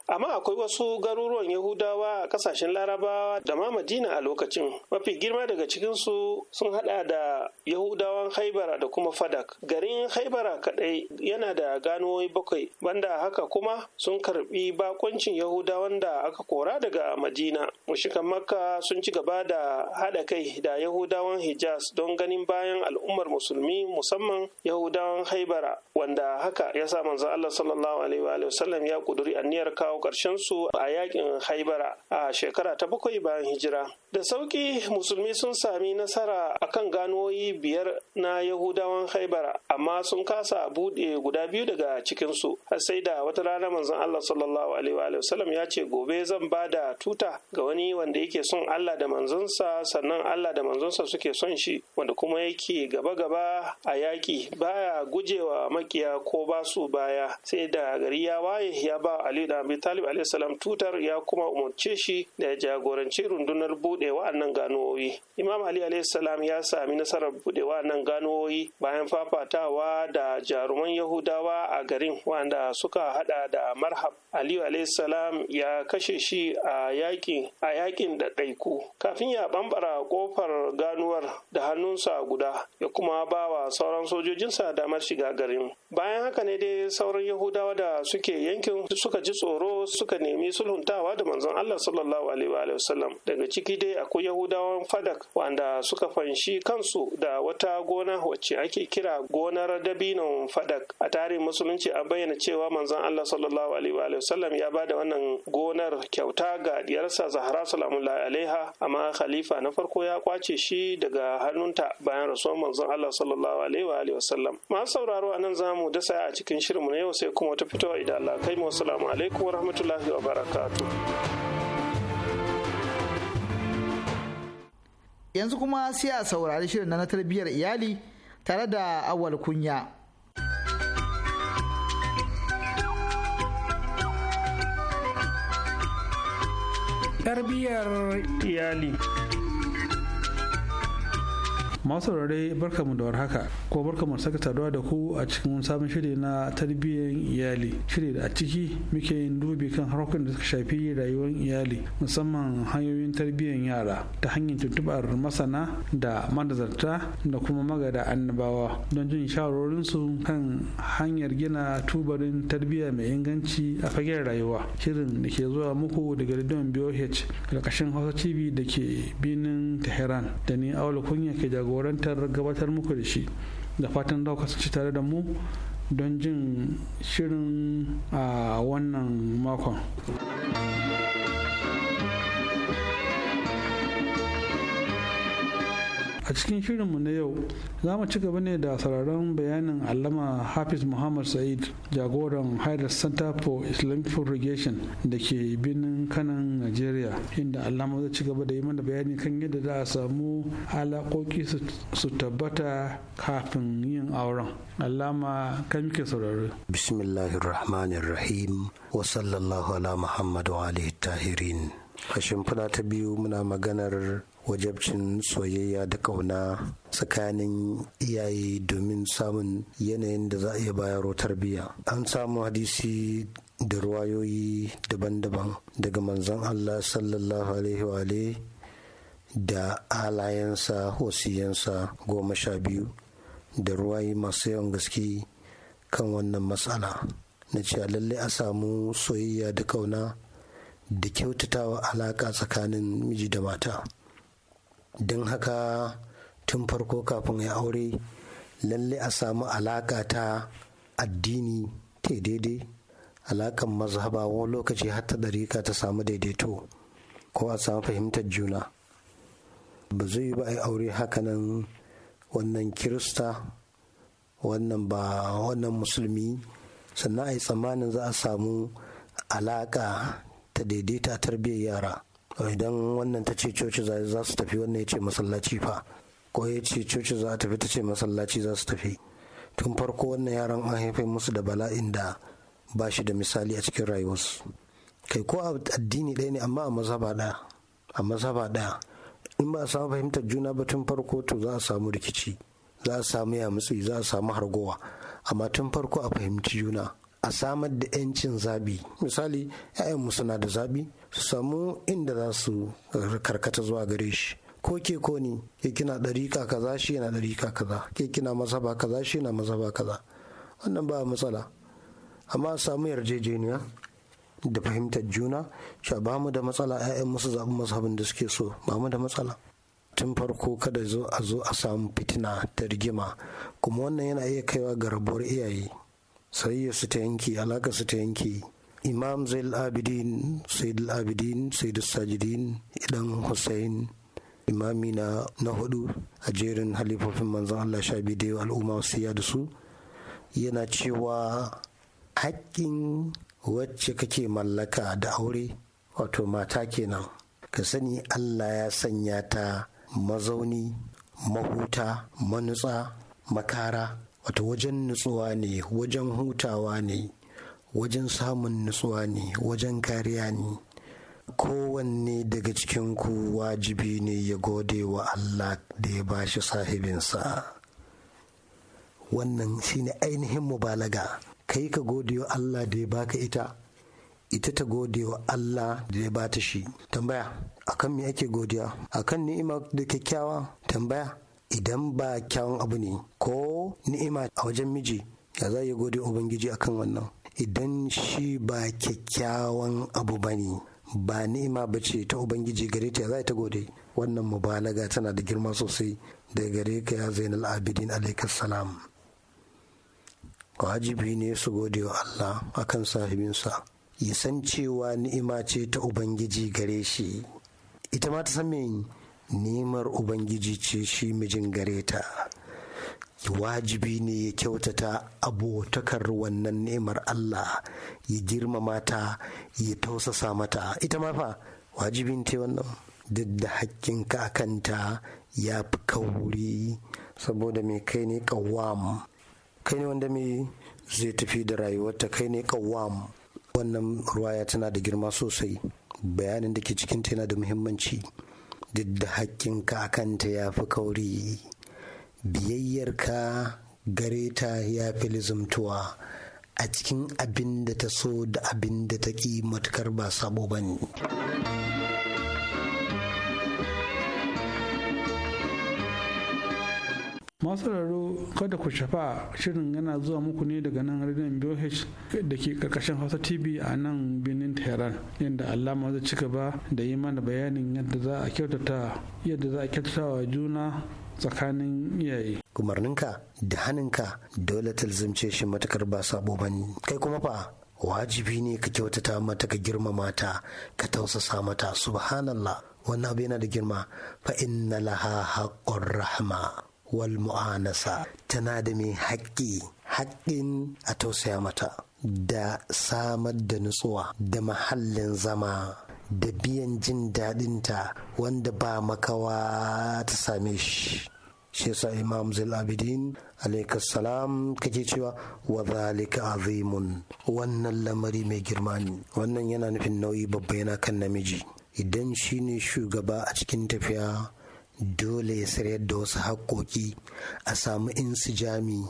amma akwai wasu garuruwan yahudawa a kasashen larabawa da ma madina a lokacin mafi girma daga cikinsu sun hada da yahudawan haibara da kuma fadak garin haibara kadai yana da ganuwoyi bakwai banda haka kuma sun karbi bakoncin yahudawan da aka kora daga madina mushikan makka sun ci gaba da hada kai da yahudawan hijaz don ganin bayan al'ummar musulmi musamman yahudawan haibara wanda haka ya sa manzon allah sallallahu alaihi wa sallam ya kuduri aniyar kawo kawo su a yakin haibara a shekara ta bakwai bayan hijira da sauƙi musulmi sun sami nasara akan ganoyi biyar na yahudawan haibara amma sun kasa buɗe guda biyu daga cikin cikinsu sai da wata rana manzon allah sallallahu alaihi wasallam ya ce gobe zan ba da tuta ga wani wanda yake son allah da manzonsa sannan allah da manzonsa suke son shi wanda kuma yake gaba-gaba a yaƙi baya gujewa makiya ko basu baya sai da gari ya waye ya ba ali da Talib alaihissalam tutar ya kuma umarce shi da ya jagoranci rundunar buɗe wa'annan ganuwoyi. Imam Ali alaihissalam ya sami nasarar buɗe wa'annan ganuwoyi bayan fafatawa da jaruman Yahudawa a garin wanda suka hada da Marhab. Aliyu alaihissalam ya kashe shi a yakin a yakin da ɗaiku kafin ya bambara kofar ganuwar da hannunsa guda ya kuma ba wa sauran sojojinsa damar shiga garin. Bayan haka ne dai sauran Yahudawa da suke yankin suka ji tsoro suka nemi sulhuntawa da manzon Allah sallallahu alaihi wa sallam daga ciki dai akwai Yahudawan Fadak wanda suka fanshi kansu da wata gona wacce ake kira gonar dabinon Fadak a tarihin musulunci a bayyana cewa manzon Allah sallallahu alaihi wa sallam ya bada wannan gonar kyauta ga diyarsa Zahra salamullahi alaiha amma khalifa na farko ya kwace shi daga hannunta bayan rasuwar manzon Allah sallallahu alaihi wa sallam masu sauraro anan zamu dasa a cikin shirinmu na yau sai kuma wata fitowa idan Allah kai mu assalamu alaikum warahmatullahi wabarakatuh. Yanzu kuma sai a saurari shirin na tarbiyyar iyali tare da awal kunya. Tarbiyyar iyali. masu rarrai barkamu da warhaka ko barkamu saka saduwa da ku a cikin sabon shiri na tarbiyyar iyali shiri da a ciki muke yin dubi kan harkokin da suka shafi rayuwar iyali musamman hanyoyin tarbiyyar yara ta hanyar tuntubar masana da manazarta da kuma magada annabawa don jin su kan hanyar gina tubarin tarbiyya mai inganci a fagen rayuwa shirin da ke zuwa muku daga rediyon boh karkashin hausa tv da ke binin tehran da ni aula kunya ke jagora jagorantar gabatar muku da shi da fatan za ku kasance tare da mu don jin shirin a wannan makon. cikin shirinmu na yau za mu ci gaba ne da sauraron bayanin allama hafiz muhammad sa'id jagoran haidar center for islamic Irrigation da ke birnin kanan nigeria inda allama zai ci gaba da yi mana bayani kan yadda za a samu alaƙoƙi su tabbata kafin yin auren allama kan muke saurari. rahim wa sallallahu ala muhammadu alihi tahirin a shimfiɗa ta biyu muna maganar wajabcin soyayya da ƙauna tsakanin iyaye domin samun yanayin da za a iya bayarwa tarbiyya an samu hadisi da ruwayoyi daban-daban daga manzon allah sallallahu alaihi wa da alayensa wasiyansa goma sha biyu da ruwayi masu yawan gaske kan wannan matsala na cewa lalle a samu soyayya da kauna da kyautatawa alaka tsakanin miji da mata don haka tun farko kafin ya aure lalle a samu alaƙa ta addini ta daidai alakan mazhaba wani lokaci har ta ta samu daidaito ko a samu fahimtar juna ba zai ba a yi aure hakanan wannan kirista wannan ba wannan musulmi sannan a yi tsammanin za a samu alaƙa ta daidaita tarbiyyar yara idan wannan ta ce coci za su tafi wannan ya ce masallaci fa ko ya ce coci za a tafi ta ce masallaci za su tafi tun farko wannan yaran an haife musu da bala'in da ba shi da misali a cikin rayuwarsu kai ko a addini ɗaya ne amma a mazhaba ɗaya ɗaya in ba a samu fahimtar juna ba tun farko to za a samu rikici za a samu yamutsi za a samu hargowa amma tun farko a fahimci juna a samar da 'yancin zabi misali yayan 'ya'yanmu suna da zabi su samu inda za su karkata zuwa gare shi ko ke ko ni ke kina ɗariƙa kaza shi yana ɗariƙa kaza ke kina mazhaba kaza shi yana mazhaba kaza wannan ba matsala amma a samu yarjejeniya da fahimtar juna cewa ba mu da matsala 'ya'yan musu zaɓi mazhabin da suke so ba mu da matsala tun farko kada zo a zo a samu fitina ta rigima kuma wannan yana iya kaiwa ga rabuwar iyaye sai su ta yanki alaka su ta yanki imam zaid abidin Sayyid abidin Sayyid sajidin idan hussein imami na na hudu a jerin halifofin manzon allah sha biyu da al'umma wasiya da su yana cewa hakkin wacce kake mallaka da aure wato mata kenan ka sani allah ya sanya ta mazauni mahuta manutsa makara wato wajen nutsuwa ne wajen hutawa ne wajen samun nutsuwa ne wajen kariya ne kowanne daga cikin ku wajibi ne ya gode wa Allah da ya ba shi sahibinsa wannan shine ainihin mubalaga kai ka gode wa Allah da ya baka ita ita ta gode wa Allah da ya bata shi tambaya akan me ake godiya akan ni'ima da kyakkyawa tambaya idan ba kyawun abu ne ko ni'ima a wajen miji ya za ya gode ubangiji akan wannan idan shi ba kyakkyawan abu ba ne ba ni'ima ba ce ta ubangiji gare ta za ta gode wannan mubalaga tana da girma sosai da gare ka ya zainal abidin alaikas salam wajibi ne su gode wa allah akan sahibinsa ya san cewa ni'ima ce ta ubangiji gare shi ita ma ta san me ni'imar ubangiji ce shi mijin gare ta wajibi ne ya kyautata abotakar wannan ni'imar Allah ya girmama ta ya tausasa mata ita ma fa wajibin ta wannan duk da hakkin kakanta ya fi kauri saboda mai kai ne kawam kai ne wanda mai zai tafi da rayuwarta kai ne kawam wannan ruwaya tana da girma sosai bayanin da ke cikin yana da muhimmanci duk da hakkin kakanta ya fi kauri biyayyarka gare ta ya fi lizumtuwa a cikin abin da ta so da abin da ta ƙi matukar ba sabo ba ne. masu raro kada ku shafa shirin yana zuwa muku ne daga nan rediyon BOH da ke karkashin Hausa TV a nan birnin Tehran yadda alama zai ci gaba da yi mana bayanin yadda za yadda za a kyautata wa juna tsakanin iyaye umarninka da haninka dole talzumce shi matukar ba sabo bane kai kuma fa wajibi ne ka kyautata mata ka girmama ta ka tausasa mata subhanallah wannan abu yana da girma fa inna laha haqqur rahma wal mu'anasa tana da mai haƙƙi haƙƙin a tausaya mata da samar da nutsuwa da mahallin zama da biyan jin daɗinta wanda ba makawa ta same shi shi sa imam zul abidin salam kake cewa wa zalika azimun wannan lamari mai girma ne wannan yana nufin nauyi babba yana kan namiji idan shi ne shugaba a cikin tafiya dole ya sayar da wasu haƙoƙi a samu insijami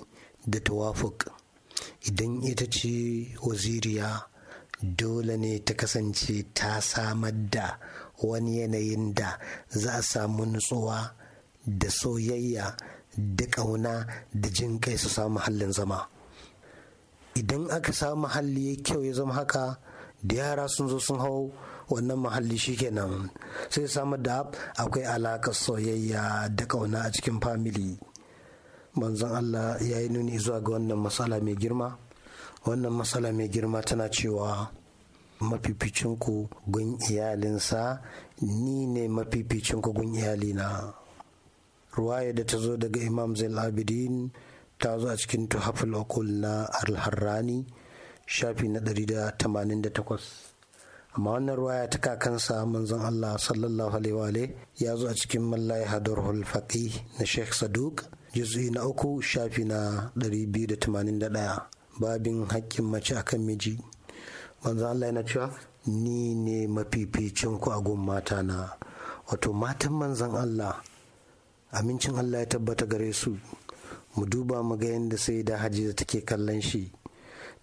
da tawafuk idan ita ce waziriya dole ne ta kasance ta samar da wani yanayin da za a samu nutsuwa da soyayya da ƙauna da jin kai su samu hallin zama idan aka samu mahalli ya kyau ya zama haka da yara sun zo sun hau wannan mahalli shikenan sai samar da akwai alakar soyayya da ƙauna a cikin famili manzon Allah ya yi nuni zuwa ga wannan matsala mai girma wannan matsala mai girma tana cewa mafificinku gun iyalinsa ni ne mafificinku gun iyalina ruwaya da ta zo daga imam zain abidin ta zo a cikin tuhaful okul na alharrani shafi na 188 amma wannan ruwaya ta kakansa manzon allah sallallahu alaihi ya zo a cikin mallai hadar hulfaki na sheikh saduk juz'i na uku shafi na 281 babin haƙƙin mace akan miji manzo Allah yana cewa ni ne mafificin ku a gun mata na wato matan manzon Allah amincin Allah ya tabbata gare su mu duba mu ga yadda sai da hajiza take kallon shi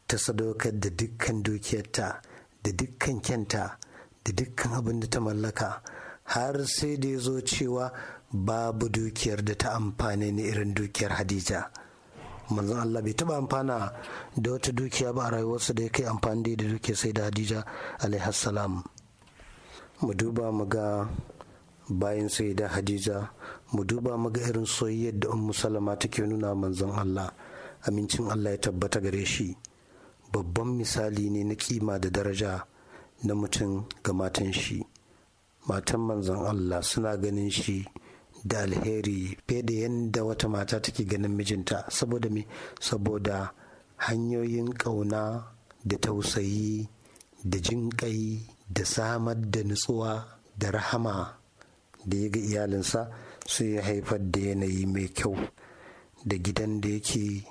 ta sadaukar da dukkan dukiyarta da dukkan kyanta da dukkan abin da ta mallaka har sai da ya zo cewa babu dukiyar da ta amfani ne irin dukiyar hadija manzon Allah bai taba amfana da wata dukiya ba a rayuwarsa da ya kai amfani da dukiya sai da Hadija alaihassalam. mu duba mu ga bayan sai da Hadija mu duba mu ga irin soyayyar da Ummu Salama take nuna manzon Allah amincin Allah ya tabbata gare shi babban misali ne na kima da daraja na mutum ga matan shi matan manzan Allah suna ganin shi da alheri fiye da yadda wata mata take ganin mijinta saboda me saboda hanyoyin ƙauna da tausayi da jinƙai da samar da nutsuwa da rahama da ya ga iyalinsa sai ya haifar da yanayi mai kyau da gidan da yake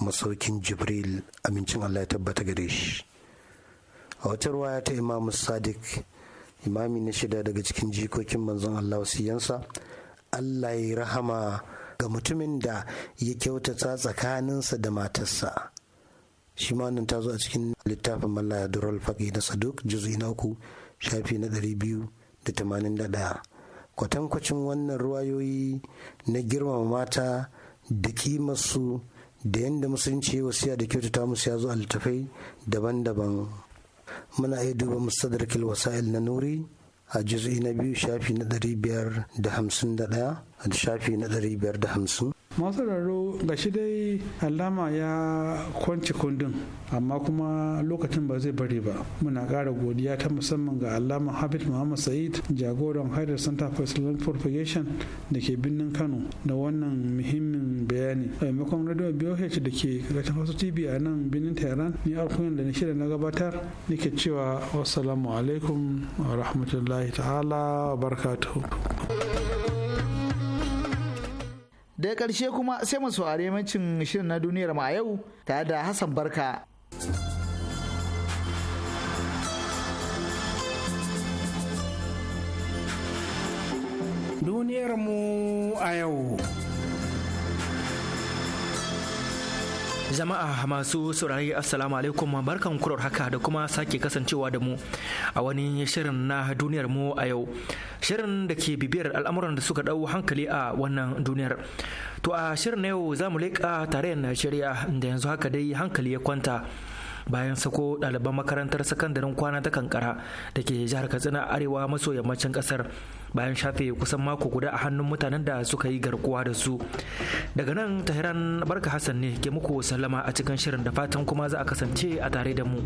masaukin jibril amincin allah ya tabbata gare shi a wata ruwaya ta imamu sadiq imami na shida daga cikin jikokin manzon allah yansa. Allah ya rahama ga mutumin da ya kyautata tsakaninsa da matarsa shi ma ta zo a cikin littafin ya durul faƙi na saduk juz'i na uku shafi na ɗari biyu da tamanin da ɗaya kwatankwacin wannan ruwayoyi na girmama mata da kimarsu da yadda musulunci ya wasiya da kyautata musu ya zo a littafai daban-daban muna iya duba musadarkil wasa'il na nuri a juz'i na biyu shafi na ɗari biyar da hamsin da ɗaya a shafi na ɗari biyar da hamsin masu raro ga shi dai alama ya kwanci kundin amma kuma lokacin ba zai bari ba muna ƙara godiya ta musamman ga alama habib muhammad sa'id jagoran haidar center for islamic propagation da ke birnin kano da wannan muhimmin bayani a maimakon radio boh da ke gashin wasu tv a nan birnin tehran ni alkuyan da na shirya na gabatar nake cewa wassalamu alaikum wa rahmatullahi ta'ala wa barkatu. daga ƙarshe kuma sai mu saurari mancin shirin na duniyar ma yau tare da hassan barka duniyar mu a yau Jama'a masu saurari Assalamu alaikum barkan kurar haka da kuma sake kasancewa da mu a wani shirin na duniyar mu a yau. Shirin da ke bibiyar al'amuran da suka ɗau hankali a wannan duniyar. To a shirin na yau za mu leƙa tarayyar Najeriya da yanzu haka dai hankali ya kwanta. bayan sako ɗaliban makarantar sakandaren kwana ta kankara da ke jihar katsina arewa maso yammacin ƙasar bayan shafe kusan mako guda a hannun mutanen da suka yi garkuwa da su daga nan tahiran barka hassan ne ke muku sallama a cikin shirin da fatan kuma za a kasance a tare da mu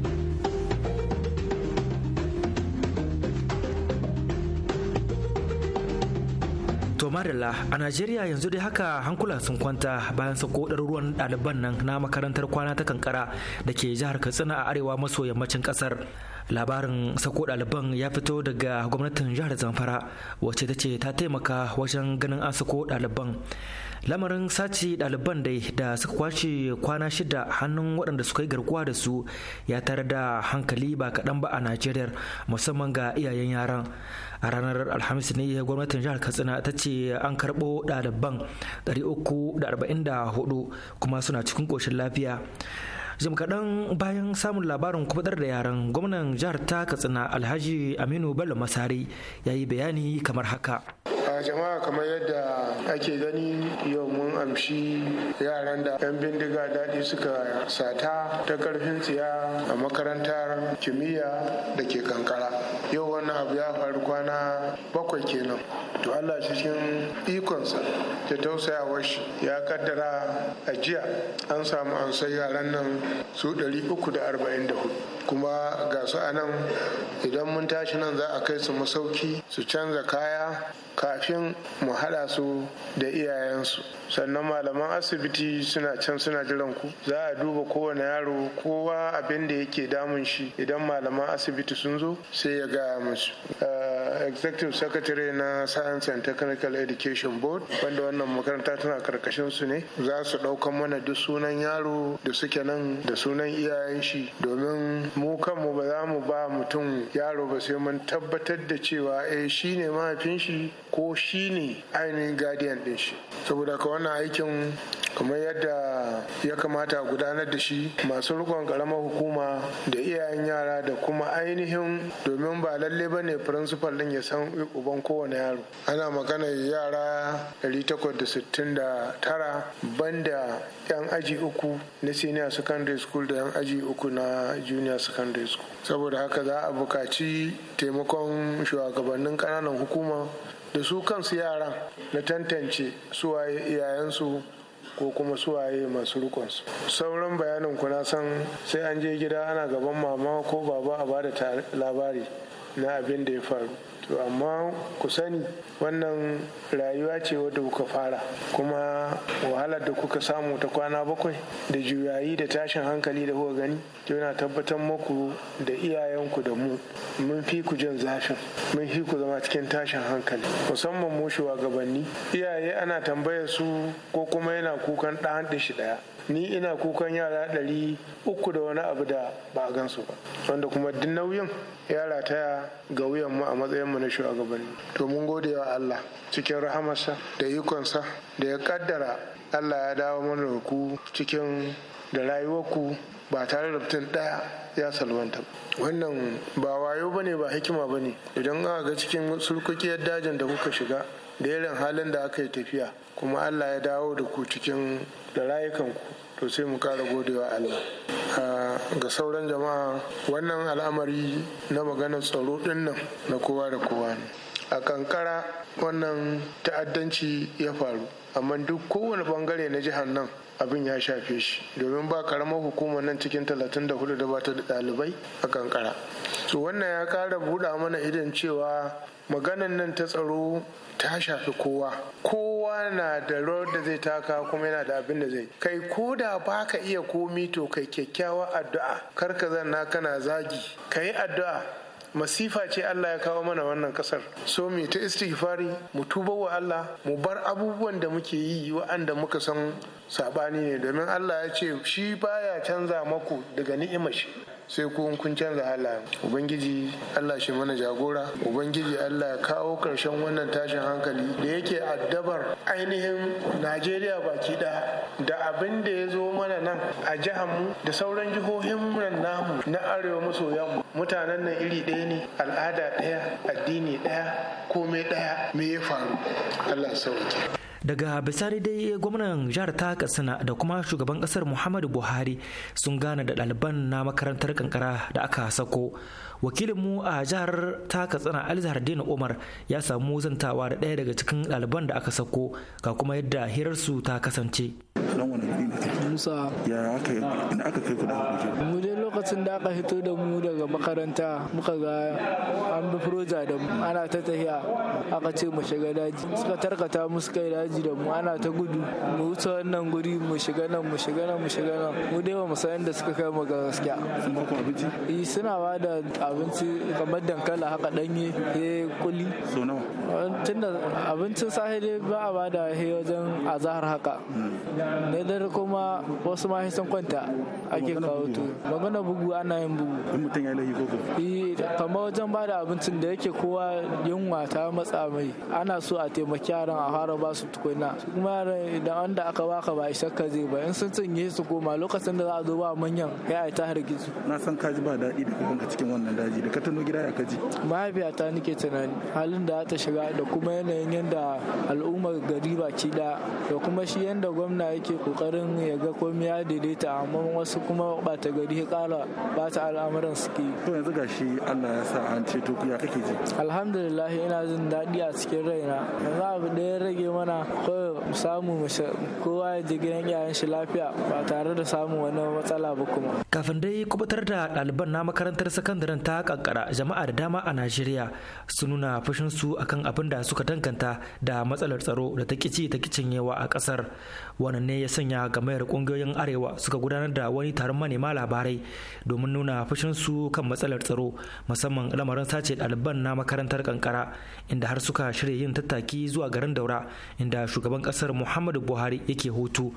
Tomarilla a Najeriya yanzu dai haka hankula sun kwanta bayan sako ruwan ɗaliban nan na makarantar kwana ta kankara da ke jihar Katsina a arewa maso yammacin ƙasar. Labarin sako ɗaliban ya fito daga gwamnatin jihar Zamfara wacce ta ce ta taimaka wajen ganin an sako ɗaliban. lamarin sace ɗaliban dai da suka kwace kwana shida hannun waɗanda suka yi garkuwa da su ya tare da hankali ba kaɗan ba a najeriya musamman ga iyayen yaran a ranar alhamis ne gwamnatin jihar katsina ta ce an karɓo ɗaliban 344 kuma suna cikin ƙoshin lafiya jim kaɗan bayan samun labarin kubutar da yaren gwamnan jihar ta katsina alhaji aminu bello masari ya yi bayani kamar haka jama'a kamar yadda ake gani yau mun amshi yaran da 'yan bindiga daɗi suka sata ta karfin tsiya a makarantar kimiyya da ke kankara yau wannan abu ya faru kwana bakwai kenan to allah cikin ikonsa ta tausayawa shi ya kaddara a jiya an samu an sai yaran nan su 344 kuma ga su a nan idan mun tashi nan za a kai su masauki su canza kaya kafin mu haɗa su da iyayensu sannan malaman asibiti suna can suna jiran ku za a duba kowane yaro kowa abin da yake damun shi idan malaman asibiti sun zo sai ya gaya musu eh, executive secretary na science and technical education board wanda wannan makaranta tana karkashin su ne za su ɗaukan mana duk sunan yaro da suke nan da sunan iyayen shi domin mu kanmu ba za mu ba mutum yaro ba sai mun tabbatar da cewa eh shi ne mahaifin shi ko shi ne ainihin guardian din shi saboda ka wannan aikin kamar yadda ya kamata gudanar da shi masu rikon karamar hukuma da iyayen yara da kuma ainihin domin ba lalle ba ne principal din ya san uban kowane yaro ana magana yara 869 banda yan aji uku na senior secondary school da yan aji uku na junior secondary school saboda haka za a buƙaci taimakon shugabannin ƙananan hukuma da su kansu yaran na tantance suwaye iyayensu ko kuma suwaye masu rukunsu. sauran bayanin kuna san sai an je gida ana gaban mama ko baba a ba da labari na abin da ya faru to amma ku sani wannan rayuwa ce wadda kuka fara kuma wahalar da kuka samu ta kwana bakwai da juyayi da tashin hankali da kuka gani yana tabbatar muku da iyayenku da mu mun fi ku jin zafin mun fi ku zama cikin tashin hankali musamman mu shugabanni iyaye ana tambayar su ko kuma yana kukan ɗan shi ɗaya ni ina kukan yara ɗari uku da wani abu da ba a gansu ba wanda kuma duk nauyin yara taya ga wuyan a matsayin mu na shugabanni to mun gode wa Allah cikin rahamarsa da ikonsa da ya kaddara Allah ya dawo mana da ku cikin da rayuwarku ba tare da mutum ɗaya ya salwanta wannan ba wayo bane ba hikima bane idan aka ga cikin sulkukiyar dajin da kuka shiga da irin halin da aka yi tafiya kuma allah ya dawo da ku cikin da rayukanku to sai mu kara godewa allah ga sauran jama'a wannan al'amari na maganar tsaro ɗinnan nan na kowa da kowa ne a kankara wannan ta'addanci ya faru amma duk kowane bangare na jihar nan abin ya shafe shi domin ba karamar hukumar nan cikin 34 da bata da ɗalibai a kankara so wannan ya kara buɗa mana idan cewa maganan nan ta tsaro ta shafi kowa kowa na da rawar da zai taka kuma yana da abin da zai kai ko da ba ka iya komi to kai kyakkyawa addu'a kar ka zanna kana zagi ka yi addu'a masifa ce Allah ya kawo mana wannan kasar so me ta istighfari mu tuba wa Allah mu bar abubuwan da muke yi wa'anda muka san sabani ne domin Allah ya ce shi baya canza maku daga ni'imar shi sai kun kun canza halayen ubangiji allah shi mana jagora ubangiji allah ya kawo karshen wannan tashin hankali da yake addabar ainihin najeriya baki da da abin da ya zo mana nan a jihar mu da sauran jihohin nan namu na arewa maso yamma mutanen nan iri ɗaya ne al'ada ɗaya addini ɗaya komai ɗaya me ya faru allah sauke daga bisari dai gwamnan jihar ta katsina da kuma shugaban kasar muhammadu buhari sun gane da ɗaliban na makarantar kankara da aka sako wakilinmu a jihar ta katsina alizar dina umar ya samu zantawa da ɗaya daga cikin ɗaliban da aka sako ga kuma yadda hirarsu ta kasance musa ya aka in aka kai ku da mu dai lokacin da aka hito da mu daga makaranta muka ga an bi proja da mu ana ta tafiya aka ce mu shiga daji suka tarkata mu suka yi daji da mu ana ta gudu mu wuce wannan guri mu shiga nan mu shiga nan mu shiga nan mu dai ba mu san da suka kai mu ga gaskiya eh, suna ba da abinci kamar dankala haka danye he kuli tunda abincin sahili ba a bada he wajen azahar haka hmm. ne dare kuma wasu ma sun kwanta ake kawo tu, magana bugu ana yin bugu in mutum ya lahi koko eh, kamar wajen bada abincin da yake kowa yunwa ta matsa mai ana so a taimaki yaran a fara ba su tukuna kuma yaran idan wanda aka baka ba isa ka zai ba in sun cinye su koma lokacin da za a zo ba manyan ya har gizo. na san ka ji ba daɗi da kuma cikin wannan daji da ka tano gida ya kaji mahaifiyata nake tunani halin da ta shiga da kuma yanayin yadda al'ummar gari baki da da kuma shi yadda gwamna yake kokarin ya ga komai ya daidaita amma wasu kuma bata gari ya kara ta al'amuran suke to yanzu gashi Allah ya sa an ceto ku ya kake ji alhamdulillah ina jin daɗi a cikin raina yanzu abu da ya rage mana ko samu kowa ya ji gidan iyayen shi lafiya ba tare da samun wani matsala ba kuma kafin dai kubutar da ɗaliban na makarantar sakandaren ta kankara jama'a da dama a najeriya su nuna su akan abin da suka danganta da matsalar tsaro da ta kici ta yawa a kasar wannan ne ya sanya gamayar kungiyoyin arewa suka gudanar da wani taron manema labarai domin nuna su kan matsalar tsaro musamman lamarin sace ɗaliban na makarantar kankara inda har suka shirya yin tattaki zuwa garin daura inda shugaban kasar muhammadu buhari yake hutu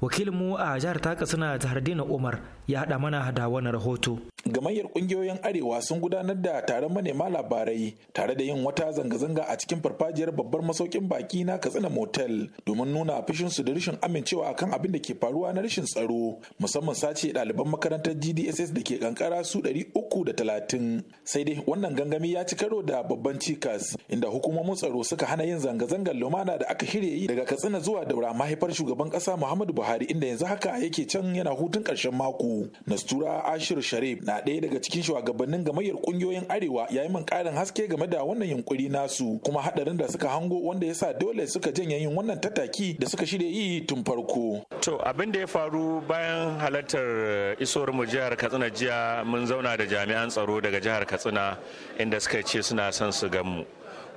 wakilinmu a jihar ta katsina zahardina umar ya hada mana da wani rahoto gamayyar kungiyoyin arewa sun gudanar da taron manema labarai tare da yin wata zanga-zanga a cikin farfajiyar babbar masaukin baki na katsina motel domin nuna fushinsu da rashin amincewa akan abin da ke faruwa na rashin tsaro musamman sace ɗaliban makarantar gdss da ke kankara su ɗari uku da talatin, sai dai wannan gangami ya ci karo da babban cikas inda hukumomin tsaro suka hana yin zanga-zangar lumana da aka shirya yi daga katsina zuwa daura mahaifar shugaban ƙasa muhammadu buhari Buhari inda yanzu haka yake can yana hutun karshen mako. Nastura Ashir Sharif na ɗaya daga cikin shugabannin gamayyar ƙungiyoyin Arewa yayi yi ƙarin haske game da wannan yunkuri nasu kuma haɗarin da suka hango wanda ya sa dole suka janye yin wannan tataki da suka shirya yi tun farko. To abin da ya faru bayan halartar eh, isowar mu jihar Katsina jiya mun zauna da jami'an tsaro daga jihar Katsina inda suka ce suna son su gan mu.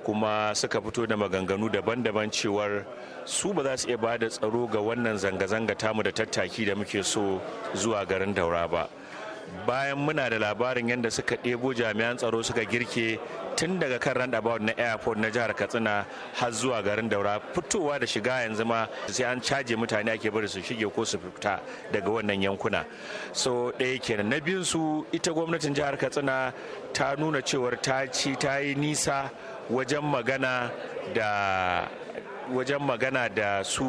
kuma suka fito da maganganu daban-daban cewar su ba za su iya ba da tsaro ga wannan zanga-zanga tamu da tattaki da muke so zuwa garin daura ba bayan muna da labarin yadda suka ɗebo jami'an tsaro suka girke tun daga kan roundabout na airport na jihar katsina har zuwa garin daura fitowa da shiga yanzu ma sai an caje mutane ake bari su shige ko su fita daga wannan yankuna so ɗaya kenan na biyun su ita gwamnatin jihar katsina ta nuna cewar ta ci ta yi nisa wajen magana da wajen magana da su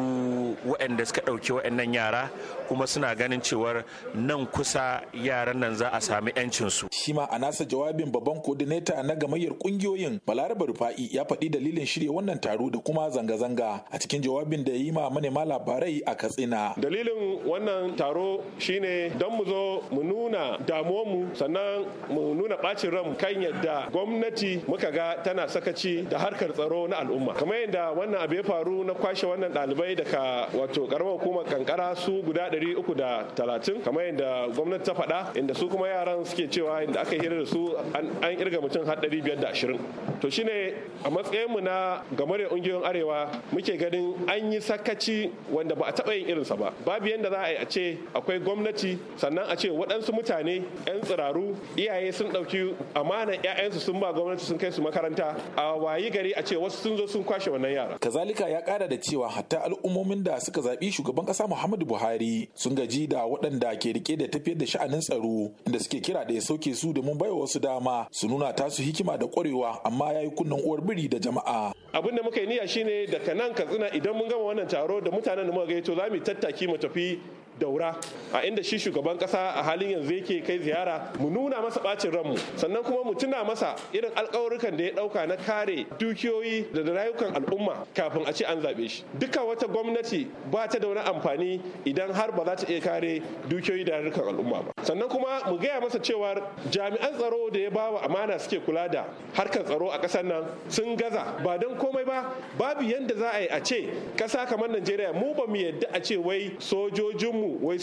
waɗanda suka ɗauki waɗannan yara kuma suna ganin cewar nan kusa yaran nan za a sami 'yancinsu. Shi ma a nasa jawabin babban kodineta na gamayyar kungiyoyin Balaraba Rufa'i ya faɗi dalilin shirya wannan taro da kuma zanga-zanga a cikin jawabin da ya yi ma manema labarai a Katsina. Dalilin wannan taro shine don mu zo mu nuna mu sannan mu nuna ɓacin ran kan yadda gwamnati muka ga tana sakaci da harkar tsaro na al'umma. Kamar yadda wannan abu faru na kwashe wannan dalibai daga wato karamar hukumar kankara su guda 330 kamar yadda gwamnati ta faɗa inda su kuma yaran suke cewa inda aka hira da su an kirga mutum har 520 to shine a matsayinmu na gamar da ungiyoyin arewa muke ganin an yi sakaci wanda ba a taɓa yin irinsa ba babu yadda za a yi a ce akwai gwamnati sannan a ce waɗansu mutane 'yan tsiraru iyaye sun ɗauki amanar 'ya'yansu sun ba gwamnati sun kai su makaranta a wayi gari a ce wasu sun zo sun kwashe wannan yara kazalika ya kara da cewa hatta al'ummomin da suka zaɓi shugaban ƙasa muhammadu buhari sun gaji da waɗanda ke rike da tafiyar da sha'anin tsaro inda suke kira da ya sauke su domin baiwa wasu dama su nuna tasu hikima da ƙwarewa amma ya yi kunnen uwar biri da jama'a abin da muka yi niyya shine daga nan katsina idan mun gama wannan taro da mutanen da muka gaito za mu tattaki mu tafi daura a inda shi shugaban kasa a halin yanzu yake kai ziyara mu nuna masa bacin ranmu sannan kuma mu tuna masa irin alkawarukan da ya dauka na kare dukiyoyi da rayukan al'umma kafin a ce an zabe shi duka wata gwamnati ba ta da wani amfani idan har ba za ta iya kare dukiyoyi da rayukan al'umma ba sannan kuma mu gaya masa cewa jami'an tsaro da ya bawa amana suke kula da harkar tsaro a kasar nan sun gaza ba don komai ba babu yanda za a yi a ce kasa kamar Najeriya mu ba mu yadda a ce wai sojojinmu mu wai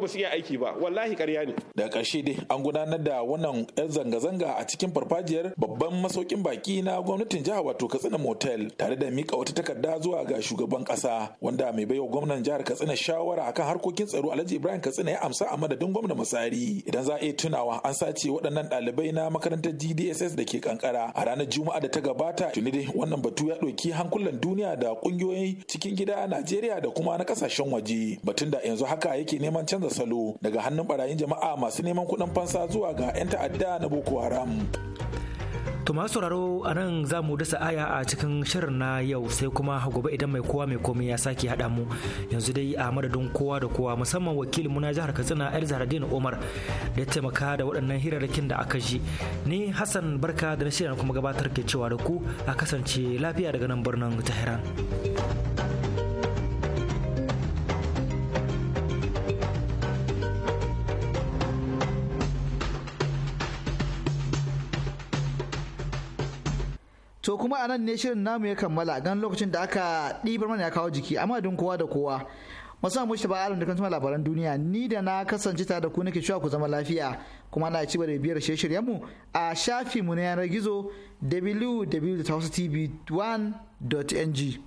ba su iya aiki ba wallahi karya ne da ƙarshe dai an gudanar da wannan yan zanga-zanga a cikin farfajiyar babban masaukin baki na gwamnatin jihar wato katsina motel tare da mika wata takarda zuwa ga shugaban ƙasa wanda mai baiwa gwamnan jihar katsina shawara akan harkokin tsaro alhaji ibrahim katsina ya amsa a madadin gwamnan masari idan za a iya tunawa an sace waɗannan ɗalibai na makarantar gdss da ke kankara a ranar juma'a da ta gabata tuni dai wannan batu ya ɗauki hankulan duniya da ƙungiyoyi cikin gida a najeriya da kuma na ƙasashen waje batun da yanzu haka haka yake neman canza salo daga hannun barayin jama'a masu neman kuɗin fansa zuwa ga 'yan ta'adda na boko haram To masu sauraro a nan za mu dasa aya a cikin shirin na yau sai kuma gobe idan mai kowa mai komai ya sake haɗa mu yanzu dai a madadin kowa da kowa musamman wakilin na jihar Katsina El Zahradin Umar da taimaka da waɗannan hirarrakin da aka ji. Ni Hassan Barka da na shirin kuma gabatar ke cewa da ku a kasance lafiya daga nan birnin Tehran. To kuma a nan ne shirin namu ya kammala gan lokacin da aka ɗibar mana ya kawo jiki amma don kowa da kowa. Musamman mu ba alam da kan labaran duniya ni da na kasance tare da ku nake cewa ku zama lafiya kuma na ci da biyar shirye mu a shafi mu na yanar gizo www.tv1.ng.